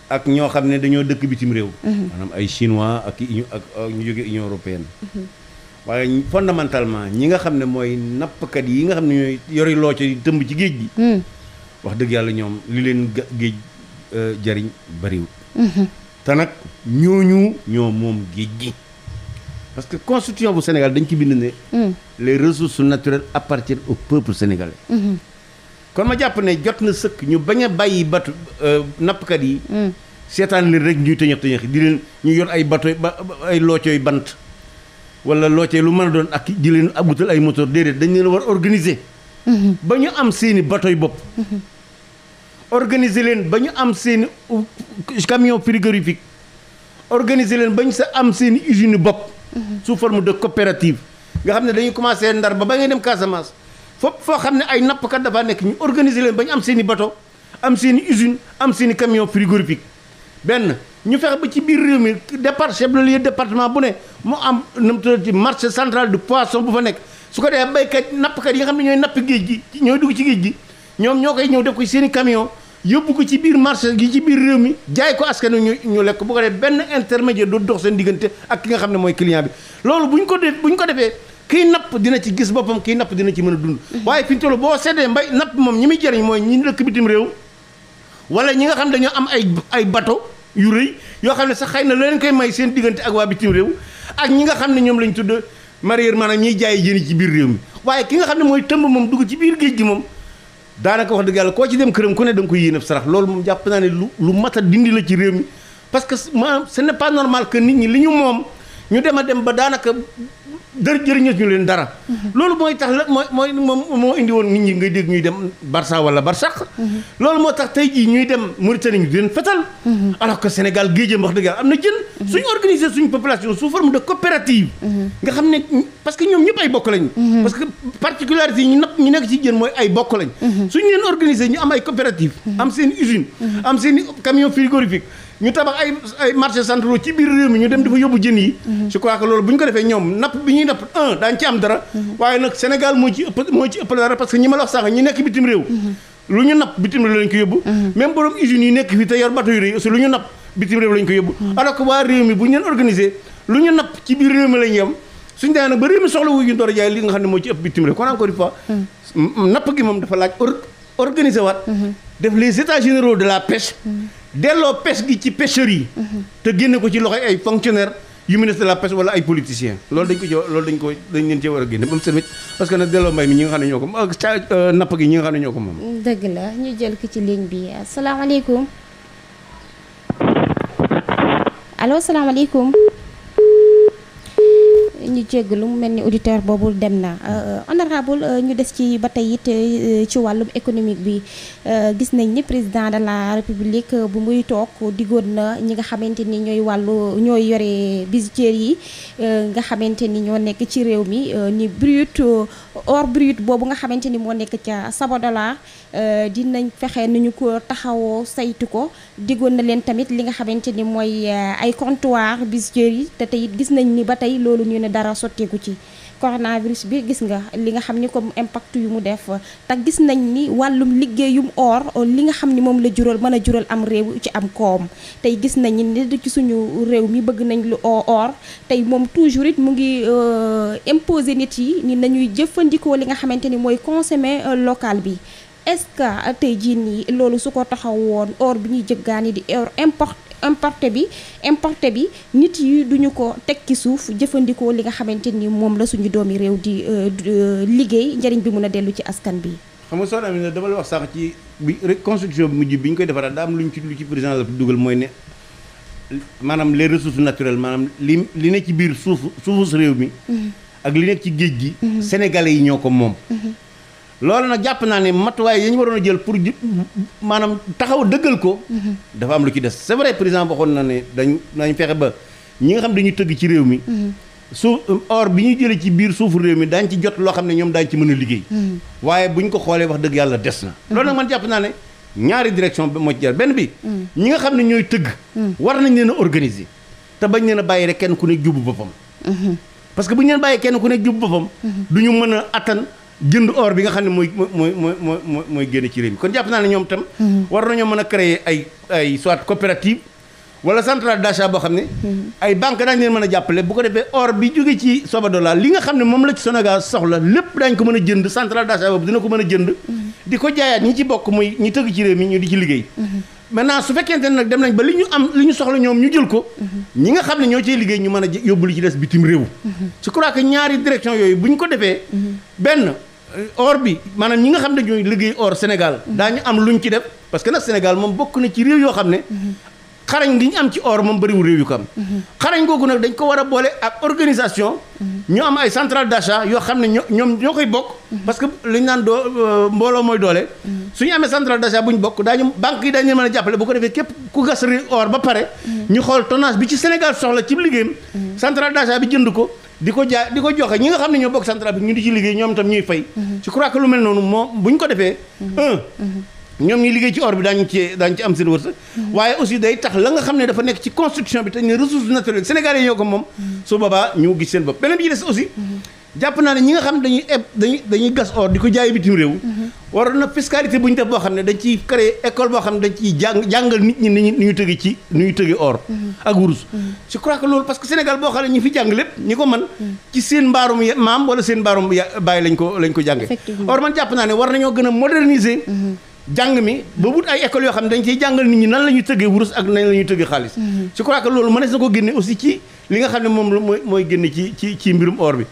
ak ñoo xam ne dañoo dëkk bitim réew mhm. maanaam ay chinois ak ak ñu jóge union européenne mhm. waaye fondamentalement ñi nga xam ne mooy nappkat yi nga xam ne ñooy yori looco yi tëmb ci géej gi wax dëgg yàlla ñoom li leen géej euh, jariñ bariwul te nag ñooñu ñoo moom géej gi parce que constitution bu Sénégal dañ ci bind ne. Hmm. les ressources naturelles appartiennent au peuple sénégalais. Hmm. kon ma jàpp ne jot na sëkk ñu bañ a bàyyi batu euh, nappkat yi. Hmm. seetaan leen rek ñuy tëñëx tëñëx di leen ñu yor ay bato ba ay loocooy bant walla loocooy lu mën a doon ak di leen abutal ay moteur déedéet dañ leen war organiser. ba ñu am seeni bato yi bopp. organiser leen ba ñu am seeni camion frigorifique organiser leen ba ñu sa am seeni usine bopp. sous forme de coopérative nga xam ne dañuy commencé ndar ba ba ngay dem Casamance fopp foo xam ne ay nappkat dafa nekk ñu organiser leen ba ñu am seen i bateau am seeni usine am seeni i camion frigorifique benn ñu fexe ba ci biir réew mi départ chef de département bu ne mu am nu mu tuddati marché central du poisson bu fa nekk su ko defee béykat nappkat yi nga xam ne ñooy napp géej gi ñooy dugg ci géej gi ñoom ñoo koy ñëw def ko seen i camion yóbbu ko ci biir marché gi ci biir réew mi jaay ko askan ñu ñu lekk bu ko benn intermédiaire du dox seen diggante ak ki nga xam ne mooy client bi loolu buñ ko def ñu ko defee kiy napp dina ci gis boppam kiy napp dina ci mën a dund mhm. waaye fi ñu boo seddee mbay napp moom ñi muy jëriñ mooy ñi dëkk bitim réew wala ñi nga xam dañoo am ay ay bateau yu yoo xam ne sax xëy na leen koy may seen diggante ak waa bitim réew ak ñi nga xam ne ñoom lañ tudd mareyeur maanaam ñiy jaay jëni ci biir réew mi waaye ki nga xam ne mooy tëmb moom dugg ci biir géej gi moom daanaka wax dëgg koo ci dem këram ku ne da nga ko yéenab sarax loolu moom jàpp naa ne lu lu mat a dindi la ci réew mi parce que maanaam ce n'est pas normal que nit ñi li ñu moom ñu dem a dem ba daanaka dër jëriñu ñu leen dara. Mhm. loolu mooy tax la mooy mooy moom moo indi woon nit ñi ngay dégg ñuy dem Barça wala Barsaq. Mhm. loolu moo tax tey jii ñuy dem Mauritanie ñu di leen fetal. Mhm. alors que Sénégal géejëm wax dëgg yàlla am na jën. suñ organiser suñ population sous forme de coopérative. nga xam ne parce que ñoom ñëpp ay bokk lañ. parce que particularité yi ñu nag ñu nekk ci jën mooy ay bokk lañ. suñu leen organiser ñu am ay coopérative am seen usine. am seen i camion frigorifique. ñu tabax ay ay marché centraux ci biir réew mi ñu dem di fa yóbbu jën yi mhm. je crois loolu bu ñu ko defee ñoom napp bi ñuy napp un daañ mhm. moo ci ëpp moo ci ëpp dara parce que ñi ma la nekk bitim réew mhm. lu ñu napp bitim réew lañ ko yóbbu même borom ñu napp bitim réew lañ ko yóbbu alors que waa réew mi bu ñu leen organisé lu ñu napp ci biir réew mi lañ yem suñu demee nag ba réew mi soxla wu ñu a jaay li nga xam ne moo ci ëpp bitim réew kon encore une fois napp gi moom dafa laaj organiser waat def les états généraux de la pêche delloo pes gi ci pêcherie mhm. te génne ko ci loxo ay fonctionnaire yu ministre de la pêche wala ay politiciens loolu dañ ko jo loolu dañ ko dañ leen cee war a génne ba mu tamit parce que nag delloo mbay mi ñi nga xam ne ñoo ko moom ca euh, napp gi ñi ko moom. dëgg la ñu jël ko ci ligne bi asalaamaaleykum allo salaamaaleykum. ñu lu mu mel ni auditeur boobul dem na euh, euh, honorable euh, ñu des ci ba tey it ci wàllum économique bi gis nañ ni président de la république bu muy toog diggoon na ñi nga xamante ni ñooy wàllu ñooy yore visiteurs yi nga xamante ni ñoo nekk ci réew mi ni brut or brut boobu nga xamante ni moo nekk ca Sabadola euh, dinañ fexe nu ñu ko taxawoo saytu ko diggoon na leen tamit li nga xamante ni mooy euh, ay comptoir bisières yi te tey it gis nañ ni ba tey loolu ñu ne dara sotteeku ci coronavirus bi gis nga li nga xam ni comme impact yu mu def te gis nañ ni wàllum liggéeyum or li nga xam ni moom la jural mën a jural am réew ci am koom tey gis nañ ni ci suñu réew mi bëgg nañ lu or tey moom toujours it mu ngi euh, imposer nit yi ni nañuy jëfandikoo li nga xamante ni mooy consommer euh, local bi est-ce que tey jii nii loolu su ko taxaw woon or bi ñuy jëggaani di or import importé bi importé bi nit yi duñu ko teg ki suuf jëfandikoo li nga xamante ni moom la suñu doomi réew di euh, euh, liggéey njëriñ bi mun a dellu ci askan bi xam nga soxna Amina dama la wax sax ci bi reconstruction bi mujj bi ñu koy defaraat daam lu ñu ci lu ci président la dugal mooy ne maanaam les ressources naturelles maanaam li li ne ci biir suuf suufu réew mi mhm. ak li nekk ci géej gi mhm. sénégalais yi ñoo ko moom mhm. loolu nag jàpp naa ne matuwaay yi ñu waroon a jël pour maanaam taxaw dëggal ko. Mhm. dafa am lu ci des c'est vrai président waxoon na ne dañ nañ fexe ba ñi nga xam dañuy tëgg ci réew mi. Mhm. suuf or bi ñuy jëlee ci biir suufu réew mi daañ ci jot loo xam ne ñoom daañ ci mën a liggéey. Mhm. waaye bu ñu ko xoolee wax dëgg yàlla des na. lool nag man jàpp naa ne ñaari direction moo ci jar benn bi. ñi nga xam ne ñooy tëgg. war nañ leen a organiser. te bañ leen a bàyyi rek kenn ku ne jubbu boppam. bàyyi kenn ku ne jubbu boppam. du ñu mën a attan jënd or bi nga xam ne mooy mooy mooy mooy mooy génn ci réew mi kon jàpp naa ne ñoom tam. Mhm. war nañoo mën a créer ay ay soit coopérative wala centrale d'achat boo xam ne. Mhm. ay banque daañu leen mën a jàppale bu ko defee or bi jóge ci Sobadola li nga xam ne moom la ci Sonaga soxla lépp daañ ko mën a jënd centrale d'achat boobu dina ko mën a jënd. Mhm. di ko jaayaat ñi ci bokk muy ñi tëgg ci réew mi ñu di ci liggéey. maintenant su fekkente ne nag dem nañ ba li ñu am li ñu soxla ñoom ñu jël ko ñi nga xam ne ñoo cay liggéey ñu mën a yóbbu li ci des bitim réew je que ñaari direction yooyu bu ko defee benn Euh, or bi maanaam ñi nga xam ne ñooy liggéey or Sénégal daañu am luñ ci def parce que nag Sénégal moom bokk na ci réew yoo xam ne xarañ gi ñu am ci or moom bëriwul réew yu ko am xarañ googu nag dañ ko war a boole ak organisation ñoo am ay centrale d'achat yoo xam ne ñoo ñoom ñoo koy bokk parce que li ñu naan doo euh, mbooloo mooy doole suñu amee centrale d'achat bu ñu bokk daañu banque yi daañu mën a jàppale bu ko defee képp ku gas or ba pare ñu xool tonnage bi ci Sénégal soxla ci liggéeyam centrale d'achat bi jënd ko di ko jaay di ko joxe ñi nga xam ne ñoo bokk central bi ñu di ci liggéey ñoom itam ñuy fay. Mhm. je crois que lu mel noonu moom bu ñu ko defee. Mhm. un mhm. ñoom ñuy liggéey ci or bi daañu ci daañu ci am seen wërsëg. waaye aussi day tax la nga xam ne dafa nekk ci construction bi te ne ressource naturelle sénégalais ñoo ko moom. su boobaa ñu gis seen bopp beneen bi ci des aussi. jàpp naa ne ñi nga xam dañuy eb dañuy dañuy gas or di ko jaay bitim réew. Mm-hmm. waroon na fiscalité bu ñu def boo xam ne dañ ciy créer école boo xam ne dañ ciy jàng jàngal nit ñi ni ñu tëggi ci ni ñu tëggi mm-hmm. ak wurus. Mm-hmm. je crois que loolu parce que Sénégal boo xam ne ñi fi jàng lépp ñi ko mën. ci seen mbaarum maam wala seen mbaarum lañ ko lañ ko jàngee. or man jàpp naa ne war nañoo gën a moderniser. jàng mi ba wut ay école yoo xam ne dañ ciy jàngal nit ñi nan la ñuy tëggee wurus ak nan la ñuy tëggee xaalis. je crois que loolu mënees na ko génne aussi ci li nga xam ne moom mooy génne ci ci ci mbirum or bi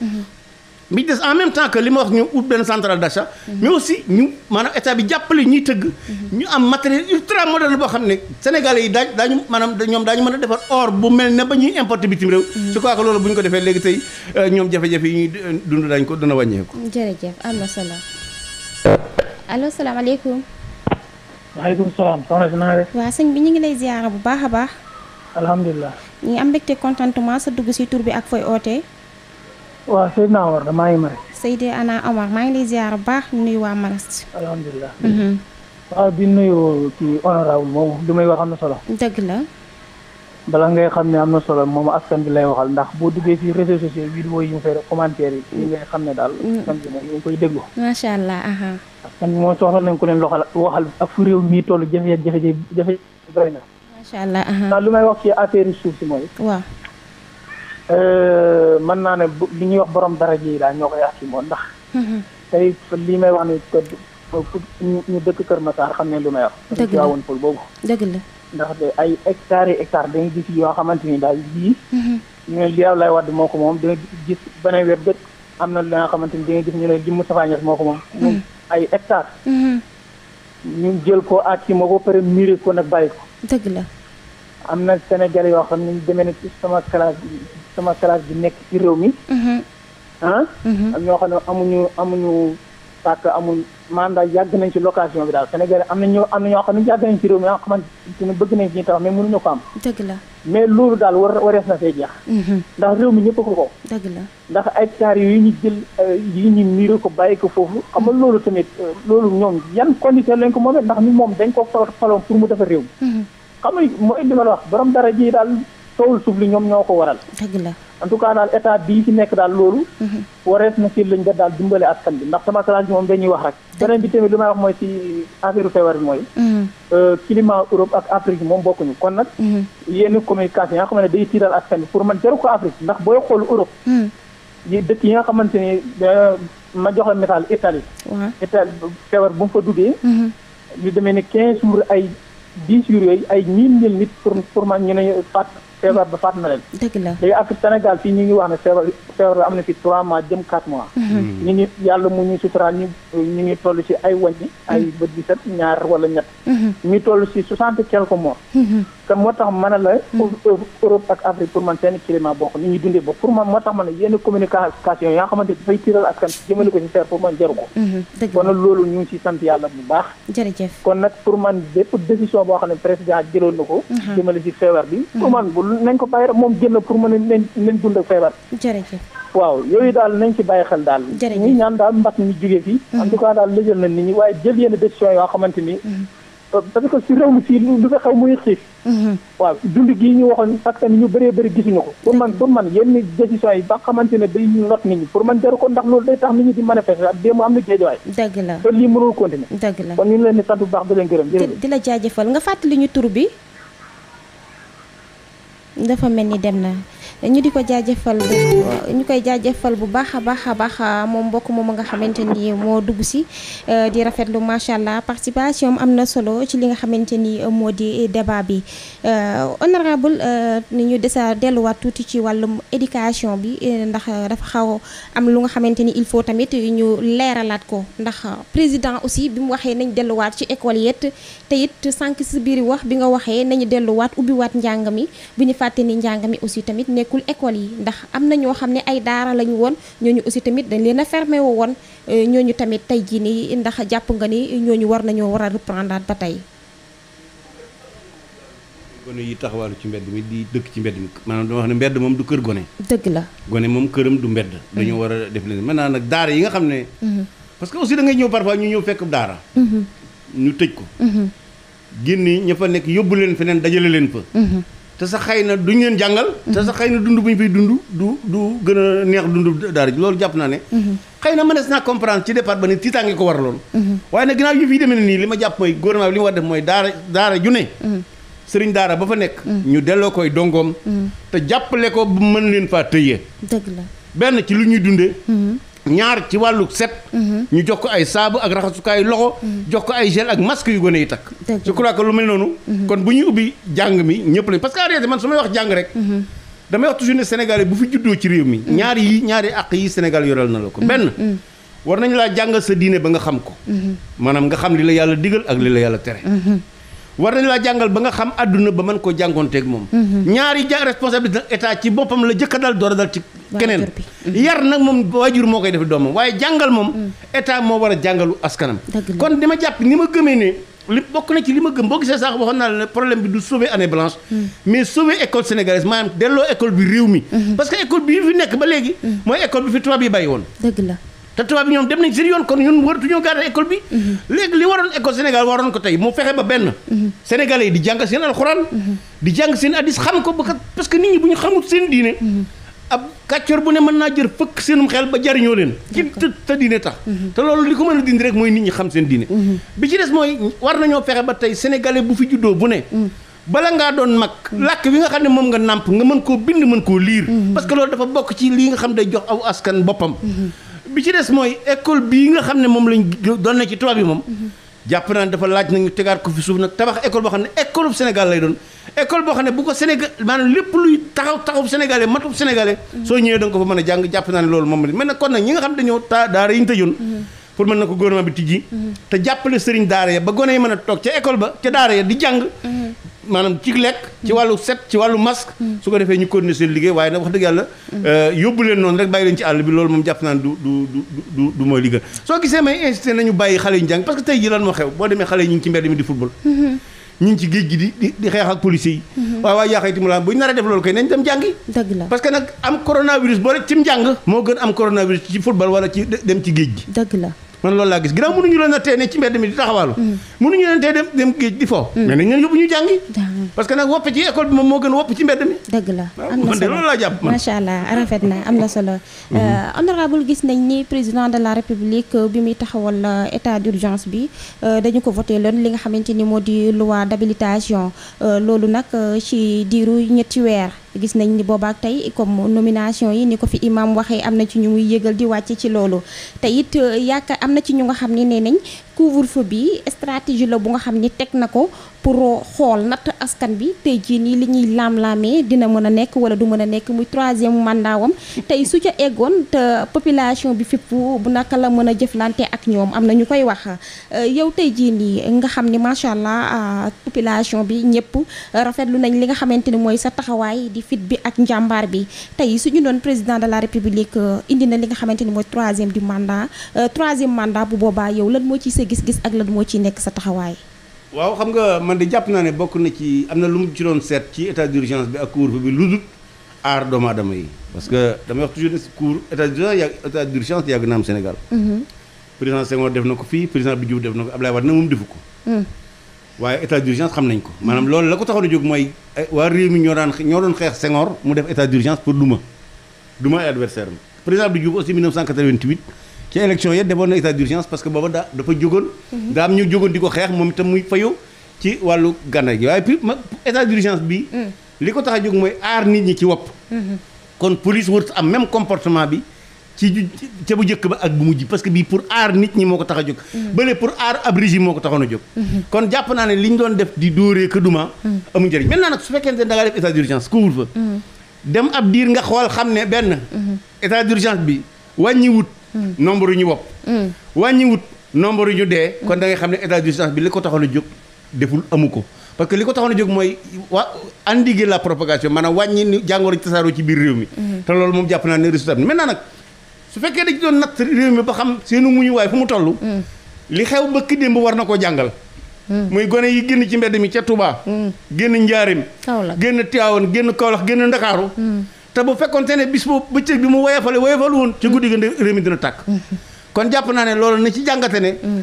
bi des en même temps que li ma wax ñu ut benn centrale d'achat mais aussi ñu maanaam état bi jàppale ñuy tëgg ñu am matériel ultra moderne boo xam ne sénégalais yi dañ daañu maanaam ñoom daañu mën a defar or bu mel ne ba ñuy importer bitim réew je crois que loolu bu ñu ko defee léegi tey euh, ñoom jafe-jafe yi ñuy euh, dund dañ ko dana wàññeeku jërëjëf am na solo allo salaamaaleykum waaleykum salaam soxna si na nga def waaw bi ñu ngi lay ziyaara bu baax a baax alhamdulilah ñu ngi am mbégte contentement sa dugg si bi ak fooy ootee waaw Seydina Omar la maa ngi mari. Seydina Omar maa ngi lay ziar bu baax nuyu waa Maristes. alhamdulilah. waaw di nuyu ci honorable moomu li may wax na solo. dëgg la. bala ngay xam ne am na solo moom askan bi lay waxal ndax boo duggee ci réseaux sociaux vidéo yi ñu fay commentaire ngay xam ne daal askan bi moom ñu ngi koy déglu macha allah aha askan bi moom soxla nañ ko leen loxal waxal ak fu réew mii toll jafe-jafe jafe-jafe doy na macha allah aha ndax lu may wax ci affaire suuf si mooy waaw Euh, mën naa ne bu li ñuy wax borom dara ji daal ñoo koy assumer ndax. Mhm. tey lii may wax ni ñu dëkk Kër Massar xam ne lu may wax. dëgg la woon pël boobu. dëgg la ndax de ay hectares yi hectares dañuy gis yoo xamante ni daal yii. Mhm. ñu ne lii lay wadd moo ko moom dañuy gis beneen wet bët am na li nga xamante ni dañuy gis ñu ne li Moustapha Niasse moo ko moom. Mhm. ay hectares. ñu jël ko aat ci moo ko pare miiré ko nag bàyyi ko. dëgg la am na Sénégal yoo xam ne ñu demee ne ci sama classe sama classe bi nekk ci réew mi. Mhm. ah. Mhm. ak ñoo xam ne amuñu amuñu parce amul mandat yàgg nañ ci location bi daal Sénégal am na ñoo am na ñoo xam ne yàgg nañ ci réew mi ah, nga xamante ne bëgg nañ ci ñu tax mais ko am. dëgg la mais loolu daal war warees na fee jeex. Mhm. ndax réew mi ñëpp ko ko. dëgg la ndax hectares yu ñu jël euh, yi ñu miir ko bàyyi ko foofu xam nga loolu tamit euh, loolu ñoom yan condition lañ ko moomee ndax ñu moom dañ ko faloon pour mu defar réew mi. xam nga mooy ma la wax borom dara ji daal soowul suuf li ñoom ñoo ko waral. dëgg la en tout cas daal état bii fi nekk daal loolu. Mhm. warees na ci lañ def daal dimbale askan bi ndax sama classe bi moom dañuy wax rek. beneen bi tamit mhm. euh, mhm. ni euh, ma jox a misaal Italie. waaw Italie feebar bu mu fa duggee. ñu demee ne 15 jours ay 10 jours yooyu ay 1000 nit pour pour man ñu ne fàtt. feebar ba faat na leen. dëgg la léegi Sénégal fii ñu ngi wax ne feebar feebar la am na fi 3 mois jëm 4 mois. Mhm. ñu ngi yàlla mu ñu suturaal ñu ñu ngi toll ci ay wàññi. ay mhm. bët bi set ñaar wala ñett. Mhm. ñu toll ci 60 quelque morts. te moo tax mën a la. Mm. Europe ak Afrique pour man seen climat bokk ni ñuy dundee ba pour man moo tax man yenn communication yaa xamante dafay tiiral askan jëmale ko ci faire pour man jaru ko. Mm-hmm. kon loolu ñu ngi sant yàlla bu baax. jërëjëf kon nag pour man bépp décision boo xam ne président jëloon na ko. Mm-hmm. jëmale ci feebar bi. pour mm-hmm. man bu nañ ko bàyyi rek moom jël na pour mën a dund ak feebar. jërëjëf. waaw yooyu daal nañ ci bàyyi xel daal. ñuy ñaan daal parce que si réew mi si li nga xaw muy xiif mhm. waaw dund gii ñu waxoon parce que ñu bëree bëri gisuñu ko pour man pour man yenn décision yi ba xamante ne day not nit ñi pour man jaru ko ndax loolu day tax nit ñi di manifester ak démb am na géejawaay dëgg la te lii mënul continuer dëgg la di la jaajëfal nga fàttali ñu tur bi dafa mel ni dem na ñu di ko jaajëfal bu ñu koy jaajëfal bu baax a baax a baax moom mbokk moom nga xamante ni moo dugg si euh, di rafetlu macha allah participation am na solo ci li nga xamante ni moo di débat bi euh, honorable euh, ñu desa delluwaat tuuti ci wàllum éducation bi ndax dafa xaw am lu nga xamante ni il faut tamit ñu leeralaat ko ndax président aussi bi mu waxee nañ delluwaat ci école yet te it sànq si biir wax bi nga waxee nañu delluwaat ubbiwaat njàng mi fàtte ni njàng mi aussi tamit nekkul école yi ndax am na ñoo xam ne ay daara lañu woon ñooñu aussi tamit dañ leen a fermé wu woon euh, ñooñu tamit tey jii nii ndax jàpp nga ni ñooñu war nañoo war a reprendre ba tey. gone yi taxawaalu ci mbedd mi di dëkk ci mbedd mi maanaam dama wax ne mbedd moom du kër gone. dëgg la gone moom këram du mbedd. Mm-hmm. dañoo war a def leen naa nag daara yi nga xam ne. Mm-hmm. parce que aussi da ngay ñëw parfois ñu ñëw fekk daara. Mm-hmm. ñu tëj ko. génn ña fa nekk yóbbu leen feneen dajale leen fa. te sa xëy na duñ leen jàngal. te sa xëy na dund bu ñu fiy dund du du gën a neex dund daara ji loolu jàpp naa ne. xëy na mënees naa comprendre ci départ ba ne tiitaange ko war loon waaye nag ginnaaw yu fi demee nii li ma jàpp mooy a bi li ma war def mooy daara daara ju ne. sëriñ daara ba fa nekk. ñu delloo koy dongoom. te jàppale ko bu mën leen faa tëyee. benn ci lu ñuy dundee. ñaar ci wàllu set. ñu jox ko ay saabu ak raxasukaay loxo. jox ko ay gel ak masque yu gone yi takk. je crois lu mel noonu. kon bu ñu ubbi jàng mi ñëpp lañ parce que en réalité man su may wax jàng rek. damay wax toujours ne Sénégalais bu fi juddoo ci réew mi. ñaar yi ñaari àq yi Sénégal yoral na la ko. benn war nañu laa jàngal sa diine ba nga xam ko. maanaam nga xam li la yàlla digal ak li la yàlla tere. war nañ laa jàngal ba nga xam àdduna ba man koo jàngoonteeg moom mhm. ñaari ja responsabilité nag état ci boppam la jëkka dal door a dal ci keneen mhm. yar nag moom waajur moo koy def doomam waaye jàngal moom mhm. état moo war a jàngalu askanam kon ma jàpp ni ma gëmee ne li bokk na ci li ma gëm boo gisee sax waxoon naa la ne problème bi du sauver année blanche mais sauver école sénégalaise maanaam delloo école bi réew mi parce que école bi fi nekk ba léegi mooy école bi fi woon dëgg la te tubaab bi ñoom dem nañ seen yoon kon ñun waratuñoo garder école bi. Mhm. léegi li waroon école Sénégal waroon ko tey mu fexe ba benn. Mhm. Sénégalais yi di jàng seen alxuraan. Mhm. di jàng seen addis xam ko ba parce que nit ñi bu ñu xamul seen diine. ab kàccoor bu ne mën naa jër fëkk seenum xel ba jariñoo leen. ci te diine tax. te loolu li ko mën a dindi rek mooy nit ñi xam seen diine. bi ci des mooy war nañoo fexe ba tey sénégalais bu fi juddoo bu ne. bala ngaa doon mag làkk wi nga xam ne moom nga nàmp nga mën koo bind mën koo liir. parce que loolu dafa bokk ci lii nga xam day jox aw askan boppam. bi ci des mooy école bii nga xam ne moom lañ doon na ci tubaab yi moom. jàpp naa ne dafa laaj nañu tegaat ko fi suuf nag tabax école boo xam ne école bu Sénégal lay doon école boo xam ne bu ko Sénégal maanaam lépp luy taxaw taxaw sénégalais matub sénégalais. soo ñëwee da nga ko fa mën a jàng jàpp naa loolu moom la mais nag kon nag ñi nga xam dañoo taa daara yi ñu tëjoon pour mën na ko gouvernement bi tijji. Mhm. te jàppale sëriñ daara ya ba gone yi a toog ca école ba ca daara ya di jàng. Mhm. maanaam ci lekk ci mhm. wàllu set ci wàllu masque su ko defee ñu continuer seen liggéey waaye nag wax dëgg yàlla euh, yóbbu leen noonu rek bàyyi leen ci àll bi loolu moom jàpp naan du du du du mooy liggéey soo gisee may insisté nañu bàyyi xale yi ñu jàng parce que tey ji lan moo xew boo demee xale yi ñu ngi ci mbedd mi di football ñu ngi ci gi di di xeex ak policiers yi waaye waaye yaaxayti mu la bu ñu naree def parce que nag am coronavirus boole ci njàng moo gën am coronavirus ci football wala ci dem ci géej gi dëgg man loolu laa gis ginnaaw mënuñu leen a tee ne ci mbedd mi di taxawaalu mm. mënuñu leen tee dem géej di fo mm. mais nañ leen yóbbu ñu jàngi parce que nag wopp ci école bi moom moo gën wopp ci mbedd mi dëgg la am na solo loolu laa rafet na am na solo mm-hmm. euh, honorable gis nañ ni président de la république euh, bi muy taxawal euh, état d'urgence bi dañu ko voté loon li nga xamante ni moo di loi d'habilitation loolu nag ci diiru ñetti weer gis nañ ni boobaak tey comme nomination yi ni ko fi imam waxee am na ci ñu muy yëgal di wàcc ci loolu te it euh, yaakaar am na ci ñu nga xam ne nee couvre-feu bi stratégie la bu nga xam ni teg na ko pour xool natt askan bi tey jii nii li ñuy laam-laamee dina mën a nekk wala du mën a nekk muy troisième mandat wam tey su ca eggoon population bi fépp bu naka la mën a jëflante ak ñoom am na ñu koy wax euh, yow tey jii nii nga xam ni macha allah euh, population bi ñëpp rafetlu nañ li nga xamante ni mooy sa taxawaay di fit bi ak njàmbaar bi tey suñu doon président de la république euh, indi na li xamante ni mooy troisième du mandat troisième mandat lan moo ci gis-gis ak lan moo ciy nekk sa taxawaay. waaw xam nga man di jàpp naa ne bokk na ci am na lu mu ci doon seet ci état d'urgence bi ak couvre bi lu dul aar doomu aadama yi. parce que dama wax toujours ne couvre état d'urgence yàgg état d'urgence yàgg na am Sénégal. Mhm. président Senghor def na ko fii président Abdou Diouf def na ko Abdoulaye Wade na moom defu ko. Mhm. waaye état d'urgence xam nañ ko. maanaam mhm. loolu la ko taxoon a jóg mooy eh, waa réew mi ñoo daan ñoo doon xeex Senghor mu def état pour duma ci élection yi defoon na état d'urgence parce que booba daa dafa jógoon mhm. daa am ñu jógoon di ko xeex moom itam muy fayu ci wàllu gànnaay gi waaye puis état d'urgence bi mm. li ko tax a jóg mooy aar nit ñi ci wopp mhm. kon police warut am même comportement bi ci ca bu jëkk ba ak bu mujj parce que bii pour aar nit ñi moo ko tax a jóg mm. bële pour aar ab régime moo ko taxoon a jóg mhm. kon jàpp naa ne li ñu doon def di dóoree que duma mm. amu njëriñ maintenant nag su fekkente ne da ngaa dem ab diir nga xool xam ne benn mm-hmm. état d'urgence bi Mm. nombre yu ñu wopp mm. wàññiwut nombre yu ñu dee kon da xam ne état d'urgence bi li ko taxoon a jóg deful amu ko parce que li ko taxoon a jóg mooy waa wa endiguer la propagation maanaam wàññi ni jàngoro tasaaroo ci biir réew mi mm-hmm. te loolu moom jàpp naa ne résultat bi maintenant nag su fekkee dañ doon natt réew mi ba xam seenu muñu waay fu mu toll mm. li xew ba ki démb war na koo jàngal muy gone yi génn ci mbedd mi ca Touba génn Njaarim génn Tivaouane génn Kaolack génn Ndakaaru te bu fekkoon ne bis bëccëg bi mu woyefale woyefalu woon ci guddi gi réew mi dina tàkk mm-hmm. kon jàpp naa ne loolu na ci jàngate ne mm.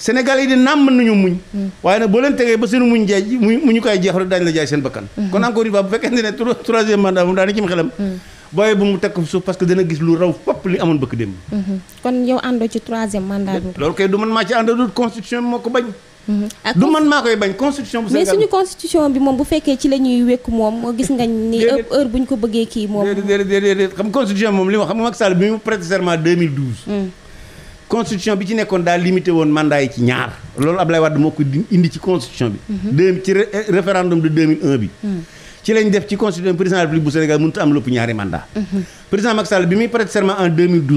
Sénégal yi di naam mën nañu muñ mm. waaye nag boo tegee ba seen muñ jaay muñ mu ñu koy jeexal daañu la jaay seen bakkan mm-hmm. kon encore une fois bu fekkente ne troisième mandat moom daa na ci xelam mm. booyee bu mu teg ko suuf parce que dana gis lu raw fopp li amoon bëkk démb mm-hmm. kon yow àndoo ci troisième mandat bi moo Mm-hmm. du man maa koy bañ constitution bu Sénégal mais suñu constitution bi moom bu fekkee ci la ñuy wékk moom gis nga ni heure bu ñu ko bëggee kii moom déedéet déedéet xam constitution moom li xam nga Macky mm. bi ci nekkoon daal limité woon mandat yi ci ñaar loolu Ablaye indi ci constitution bi mm-hmm. deux ci eh, bi mm. ci lañ def ci constitution président am lu ëpp ñaari mandat mm-hmm. président Macky Sall bi muy prêté serment en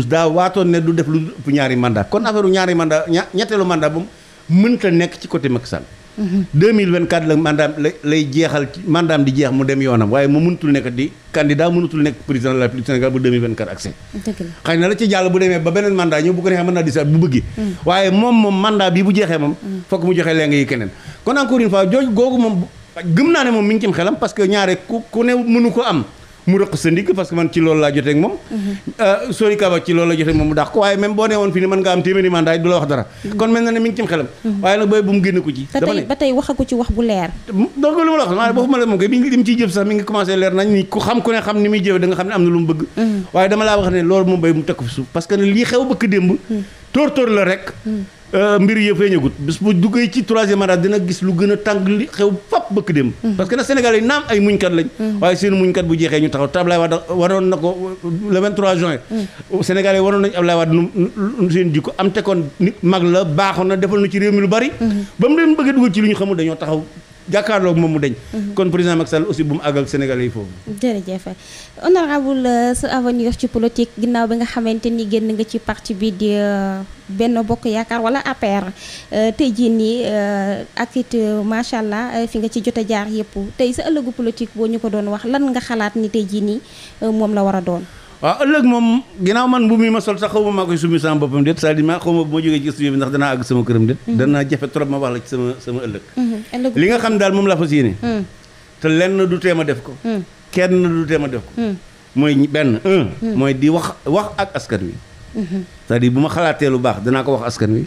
daa waatoon ne du def lu ëpp ñaari mandat kon affaire ñaari mandat ñetteelu mandat boobu mënta nekk ci côté Macky Sall. 2024 la mandaam lay jeexal ci mandaam di jeex mu dem yoonam waaye mu mënutul nekk di candidat mënutul nekk président la République Sénégal bu 2024 ak seen. xëy na la ci jàll bu demee ba beneen mandat ñëw bu ko neexee mën naa disaat bu bëggee. Mm. waaye moom moom mandat bi bu jeexee moom. Mm. fokk mu joxe leng yi keneen. kon encore une fois googu moom gëm naa ne moom mi ngi xelam parce que ku ku ne mënu mu rëq sa ndigg parce que man ci loolu laa jotee moom mhm. euh, Sori Kaba ci loolu la jotee moom mu dàq ko waaye même boo nee woon fii ni mën nga am téeméeri mandat du la wax dara mhm. kon mel na ne mi ngi cim xelam mhm. waaye nag booy mu génn ko ci ba tey waxagu ci wax bu leer donc lu ma la wax maa ne xam ne xam ni muy xam ne am na lu mu bëgg waaye dama laa wax ne loolu moom bay mu teg ko suuf parce que lii xew bëkk démb tóor tóor la rek Euh, mbir yëpp feeñagut bis bu duggee ci troisième mandat dina gis lu gën a tàng li xew fap bëkk dem mm-hmm. parce que nag Sénégal yi naam ay muñkat lañ mm-hmm. waaye seen muñkat bu jeexee ñu taxaw te Ablaye Wade waroon na ko le 23 join Sénégal yi waroon nañu Ablaye Wade nu seen jikko am te kon nit mag la baaxoon na defal na ci réew mi lu bari mm-hmm. ba mu leen bëggee dugal ci lu ñu xamul dañoo taxaw jàkkaarloog moom mu deñ kon président Macky aussi bu mu àggal Sénégalais yi foofu. jërëjëf honorable euh, sa avenir ci politique ginnaaw bi nga xamante ni génn nga ci parti bi di euh, benn bokk yaakaar wala APR euh, tey jii nii ak it macha allah fi nga ci jote jaar yëpp tey sa ëllëgu politique boo ñu ko doon wax lan nga xalaat ni tey jii nii moom la war a doon. waaw ëllëg moom ginnaaw man bu mi ma sol sax xaw ma maa koy summi sama boppam déet c'est-à-dire maa ma bu ma jógee ci studio bi ndax danaa àgg sama këram déet mhm. danaa ma wax la ci sama sama ëllëg mhm. li nga xam daal moom la fa yéene mhm. te lenn du teem a def ko kenn du teem a def ko mooy benn un mooy di wax wax ak askan wi cest à bu ma xalaatee lu baax danaa ko wax askan wi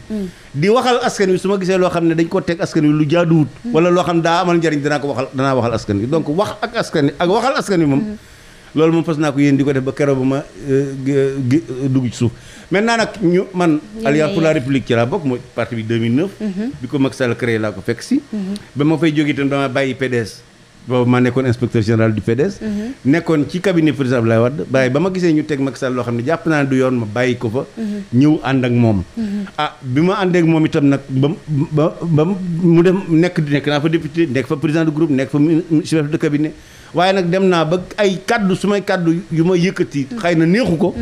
di waxal askan wi su ma gisee loo xam ne dañ koo teg askan wi lu jaaduwut wala loo xam daa amal njariñ danaa ko waxal danaa waxal askan wi donc wax ak askan wi ak waxal askan wi moom loolu moom fas naa ko yéen di ko def ba keroog ba ma euh, euh, dugg ci suuf maintenant nag ñu man alliance pour la république ci laa bokk mooy parti bi 2009 mhm. bi ko Macky Sall créé laa ko fekk si mhm. ba ma fay jóge itam dama bàyyi PDS boobu maa nekkoon inspecteur général du PDS. Mhm. nekkoon ci cabinet président Abdoulaye Wade bàyyi ba ma gisee ñu teg Macky Sall loo xam ne jàpp naa ne du yoon ma bàyyi ko fa. Mhm. ñëw ànd ak moom. Mhm. ah bi ma àndeek moom itam nag ba ba ba mu dem nekk nekk naa fa député nekk fa président de groupe nekk fa chef de cabinet waaye nag dem naa ba ay kaddu su may kaddu yu ma yëkkati. xëy na néexu ko.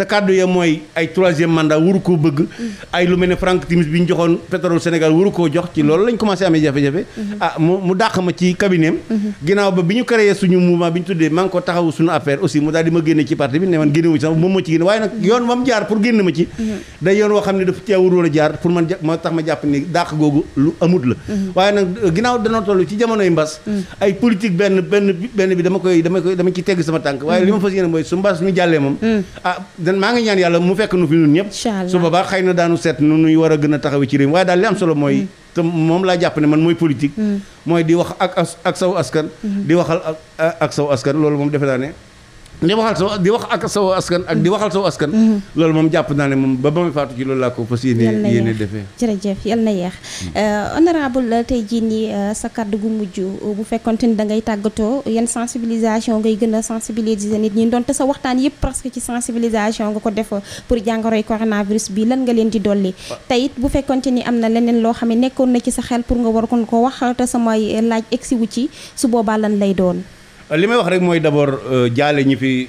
te kàddu ya mooy ay troisième mandat waru ko bëgg ay lu mel ne Franck Timis bi ñu joxoon pétrole Sénégal waru ko jox ci loolu lañ commencé amee jafe-jafe ah mu mu dàq ma ci cabinet ginnaaw ba bi ñu créé suñu mouvement ñu tuddee maa ngi ko taxaw suñu affaire aussi mu daal di ma génne ci parti bi ne man génne pour génn ma ci day yoon woo xam a jaar pour man ma tax ma jàpp ni dàq googu lu amut la waaye euh, benn bi dama koy dama koy dama ci tegg sama tànk waaye li ma fas yéene mooy su mbas mi jàllee moom mm. ah, maa ngi ñaan yàlla mu fekk nu fi ñun ñëpp su boobaa xëy na daanu seet nu nuy war a gën a taxawee ci réew mi waaye daal li am solo mooy mm. te moom laa jàpp ne man mooy politique mm. mooy di wax ak ak saw askan mm-hmm. di waxal ak saw askan loolu moom defe naa ne di waxal sa di wax ak saw askan ak di waxal saw askan. Mm-hmm. loolu moom jàpp naa ne moom ba ba muy faatu ci loolu laa ko fas yéene yéene defee. jërëjëf yal na yeex mm. euh, honorable euh, tey jii nii euh, sa kàddu gu mujj bu fekkonte ni da ngay tàggatoo yan sensibilisation ngay gën a sensibiliser nit ñi doon te sa waxtaan yëpp presque ci sensibilisation nga ko def pour jàngoroy coronavirus bi lan nga leen di dolli. Ah. tey it bu fekkonte ni am na leneen loo xam ne nekkoon na ci sa xel pour nga war kon ko wax te samay laaj egsi wu ci su boobaa lan lay doon. li may wax rek mooy d'abord euh, jaale ñi fi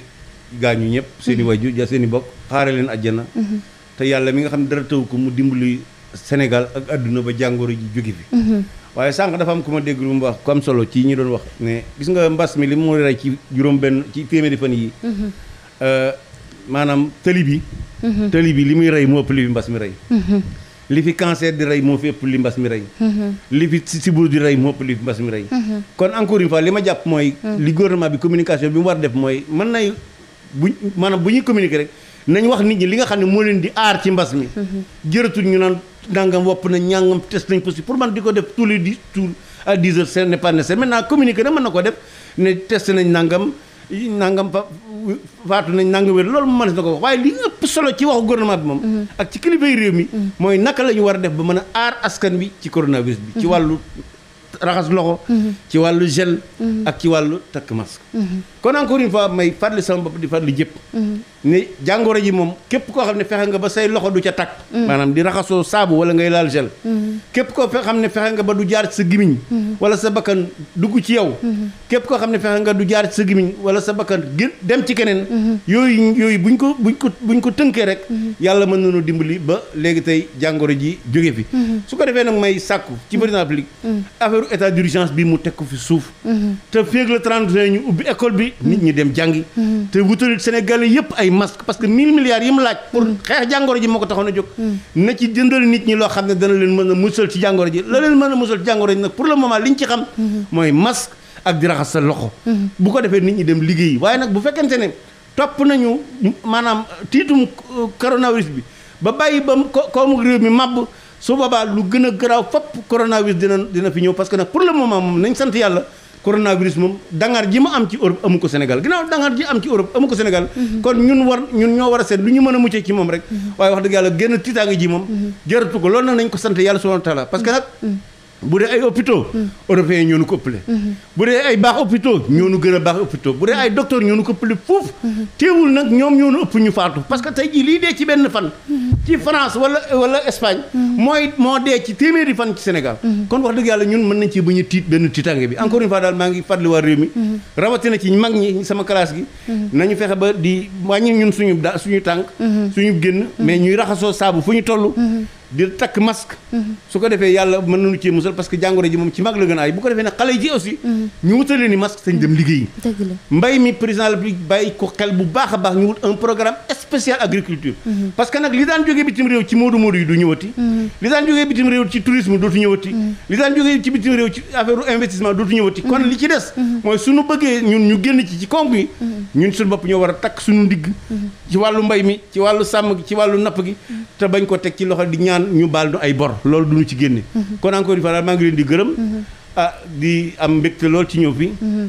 gaañu ñëpp seen i mhm. wajju ja seen i bokk xaare leen àjjana mhm. te yàlla mi nga xam ne dara taw ko mu dimbali Sénégal ak àdduna ba jàngoro ji jóge fi mhm. waaye sànq dafa am ku ma dégg lu mu wax ku am solo ci ñi doon wax ne gis nga mbas mi li mu rey ci juróom benn ci téeméeri fan yi euh, maanaam tëli bi tëli bi li muy rey moo ëpp li bi mbas mi rey li fi cancer di rey moo fi ëpp li mbas mi rey mhm. li fi sibbiru di rey moo ëpp li fi mbas mi rey mhm. kon encore une fois li ma jàpp mooy mhm. li gouvernement bi communication bi mu war def mooy mën nay bu maanaam bu ñuy communiquer rek nañ wax nit ñi li nga xam ne moo leen di aar ci mbas mi jërëtul ñu naan dangam wopp na ñàngam test nañ possible pour man di ko def tous les dix jours à dix heures ce n'est pas nécessaire maintenant communiquer na mën na ko def ne test nañ nangam nangam fa faatu nañ nangam wér loolu mënees na ko wax waaye li ëpp solo ci waxu gouvernement bi moom. Mhm. ak ci kilifay réew mi. Mhm. mooy naka lañu war a def ba mën a aar askan bi ci coronavirus bi. ci mhm. wàllu raxas loxo. ci wàllu gel. ak ci wàllu takk masque. kon encore une fois may fàttali sama bopp di fàttali jëpp. ni jàngoro ji moom képp koo xam ne fexe nga ba say loxo du ca takk mm. maanaam di raxasoo saabu wala ngay laal gel mm. képp koo xam ne fexe nga ba du jaar ci sa gimiñ mm. wala sa bakkan dugg ci yow képp koo xam ne fexe nga du jaar ci sa gimiñ wala sa bakkan gën dem ci keneen yooyu yooyu buñ ko buñ ko buñ ko tënkee rek yàlla mën nañu li ba léegi tey jàngoro ji jóge bi su ko defee nag may sàkku ci président public affaire état d'urgence bi mu teg fi suuf te féeg le 30 bi nit ñi dem jàngi te wutal Sénégalais yëpp masque parce que 1000 milliards yi mu laaj pour mm. xeex jàngoro ji moo ko taxoon a jóg mm. na ci jëndal nit ñi loo xam ne dana leen mën a musal ci jàngoro ji la leen mën a nag pour le moment li ñu ci xam mm-hmm. mooy masque ak di raxas sa loxo mm-hmm. bu ko defee nit ñi dem liggéey waaye nag bu fekkente ne topp nañu maanaam tiitum coronavirus bi ba bàyyi ba koomu réew mi màbb su boobaa lu gën a garaaw fopp coronavirus dina dina fi ñëw parce nag pour le moment moom nañ sant yàlla coronavirus moom dangar ji ma am ci Europe amu ko Sénégal ginnaaw dangar ji am ci Europe amu ko Sénégal mhm. kon ñun war ñun ñoo war a seet lu ñu mën a muccee ci moom rek mhm. waaye wax dëgg génn tiitaange ji moom mhm. jaratu ko loolu nag nañ ko sant yàlla subhanahu wa taala parce que nag bu dee ay hôpitaux européens ñoo nu ko ëppale bu dee ay baax hôpitaux ñoo nu gën a baax hôpitaux bu dee ay docteurs ñoo nu ko ëppale foofu teewul nag ñoom ñoo nu ëpp ñu faatu parce que tey jii lii dee ci benn fan ci France wala wala Espagne mooy moo dee ci téeméeri fan ci Sénégal kon wax dëgg yàlla ñun mën nañ ci bu ñu tiit benn tiitange bi encore une fois daal maa ngi fàttali waa réew mi rawatina ci ñu mag ñi sama classe gi nañu fexe ba di wàññi ñun suñu daa suñu tànk suñu génn mais ñuy raxasoo saabu fu ñu toll di takk masque. su ko defee yàlla mën nañu cee musal parce que jàngoro ji moom ci mag la gën a ay bu ko defee nag xale ji aussi. ñu wutalee ni masque sañ dem liggéeyi. mbay mi président la bi bàyyi ko xel bu baax a baax ñu wut un programme que nag li daan jógee bitim réew ci moodu moodu yi du ñëwati. li daan jógee bitim réew ci tourisme dootu ñëwati. li daan jógee ci bitim kon li ci des. mooy suñu ñun ñu génn ci ci kong yi. ñun bopp ñoo war a takk suñu ndigg. ci wàllu mbay mi ci wàllu sàmm gi ci wàllu napp gi te bañ ko teg ci loxo di ñaan ñaan ñu baal nu ay bor du duñu ci génne mm-hmm. kon encore une fois daal maa ngi leen di gërëm mm-hmm. ah di am mbégte lool ci ñëw fi mm-hmm.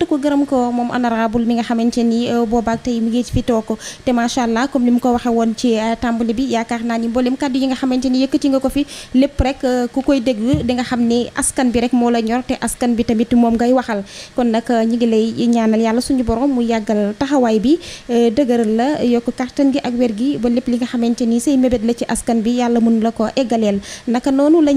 ko gërëm ko moom honorable mi nga xamante ni euh, tey mi ngi fi toog te macha allah comme ni mu ko waxee woon ci euh, tàmbali bi yaakaar naa ni mboolem kàddu yi nga xamante ni yëkkati nga ko euh, la ñor te askan bi mu yàggal taxawaay bi dëgëral la yokk kàttan gi ak wér gi ba lépp ni say mébét la ci askan bi yàlla mun la ko eggaleel naka noonu la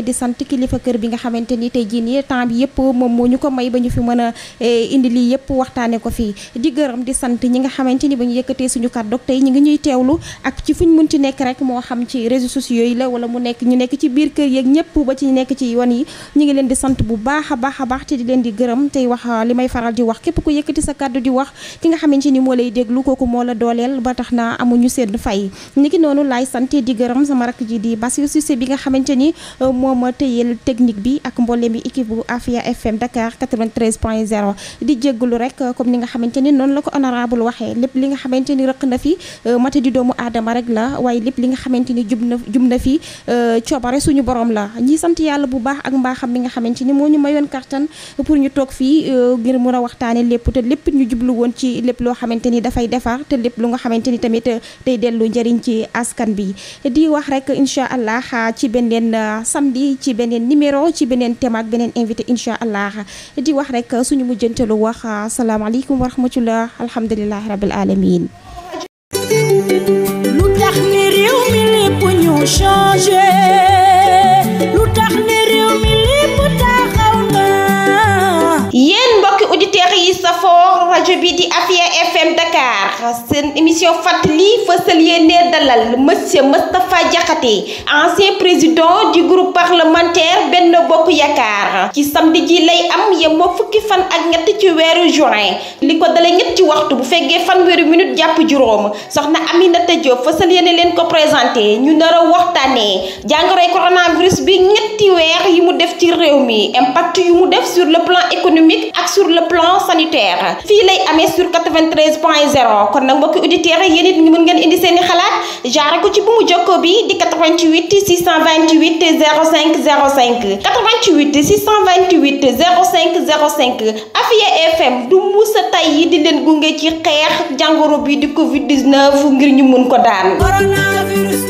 di sant kilifa kër bi nga xamante ni tey jii temps bi moom moo ñu ko may ba ñu fi mën a E, indi lii yëpp waxtaane ko fii di gërëm di sant ñi nga xamante ni ba ñu yëkkatee suñu kàddu tey ñi ngi ñuy teewlu ak ci fuñ munti nekk rek moo xam ci réseaux sociaux yi la wala mu nekk ñu nekk ci biir kër yeeg ñëpp ba ci nekk ci yoon yi ñu ngi leen di sant bu baax baax a baax te di leen di gërëm tey wax ah, li may faral di wax képp ku yëkkati sa kàddu di wax ki nga xamante ni moo lay déglu kooku moo la dooleel ba tax na amuñu seen fay niki noonu laay sant di gërëm sama rakk ji di Bassirou Cissé bi nga xamante ni ah, moo moom tëyeel technique bi ak mboolem bi équipe bu Afia FM Dakar 93 point 0 di jégglu rek euh, comme ni nga xamante ni noonu la ko honorable waxee lépp li nga xamante ni rëq na fi euh, mata di doomu aadama rek la waaye lépp li nga xamante ni jub na jub na fi euh, coobare suñu la ñi sant yàlla bu baax ak mbaaxam mi nga xamante ni moo ñu mayoon kartan pour ñu toog fii ngir mun a waxtaane lépp te lépp ñu jublu woon ci lépp loo xamante ni dafay defar te lépp lu nga xamante ni tamit day dellu njariñ ci askan bi te di wax rek incha allah ci beneen samedi ci beneen numéro ci beneen thème ak beneen invité incha allah leen ca lu wax asalaamaaleykum wa rahmatullah alhamdulilahi rabil alamin lu tax ne réew mi lépp ñu changé lu tax ne yéen mbokki auditeurs yi safoo rajo bi di Afia FM Dakar seen émission fàttali fësal yéene dalal monsieur Moustapha Diakhaté ancien président du groupe parlementaire benn Bokk Yaakaar ci samedi ji lay am yemoo fukki fan ak ñett ci weeru juin li ko dalee ñetti waxtu bu feggee fan fanweeri minute jàpp juróom soxna Aminata Diop fësal yéene leen ko présenté ñu nar a waxtaanee jàngoroy coronavirus bi ñetti weer yi mu def ci réew mi impact yu mu def sur le plan économique. économique ak sur le plan sanitaire fii lay ame sur 93 point 0 kon nag mbokki auditeurs yéen it mën ngeen indi seen i xalaat jaare ko ci bu mu jokkoo bi di 88 628 05 05 88 628 05 05 Afia FM du musa tay yi di leen gunge ci xeex jàngoro bi di Covid 19 ngir ñu mun ko daan.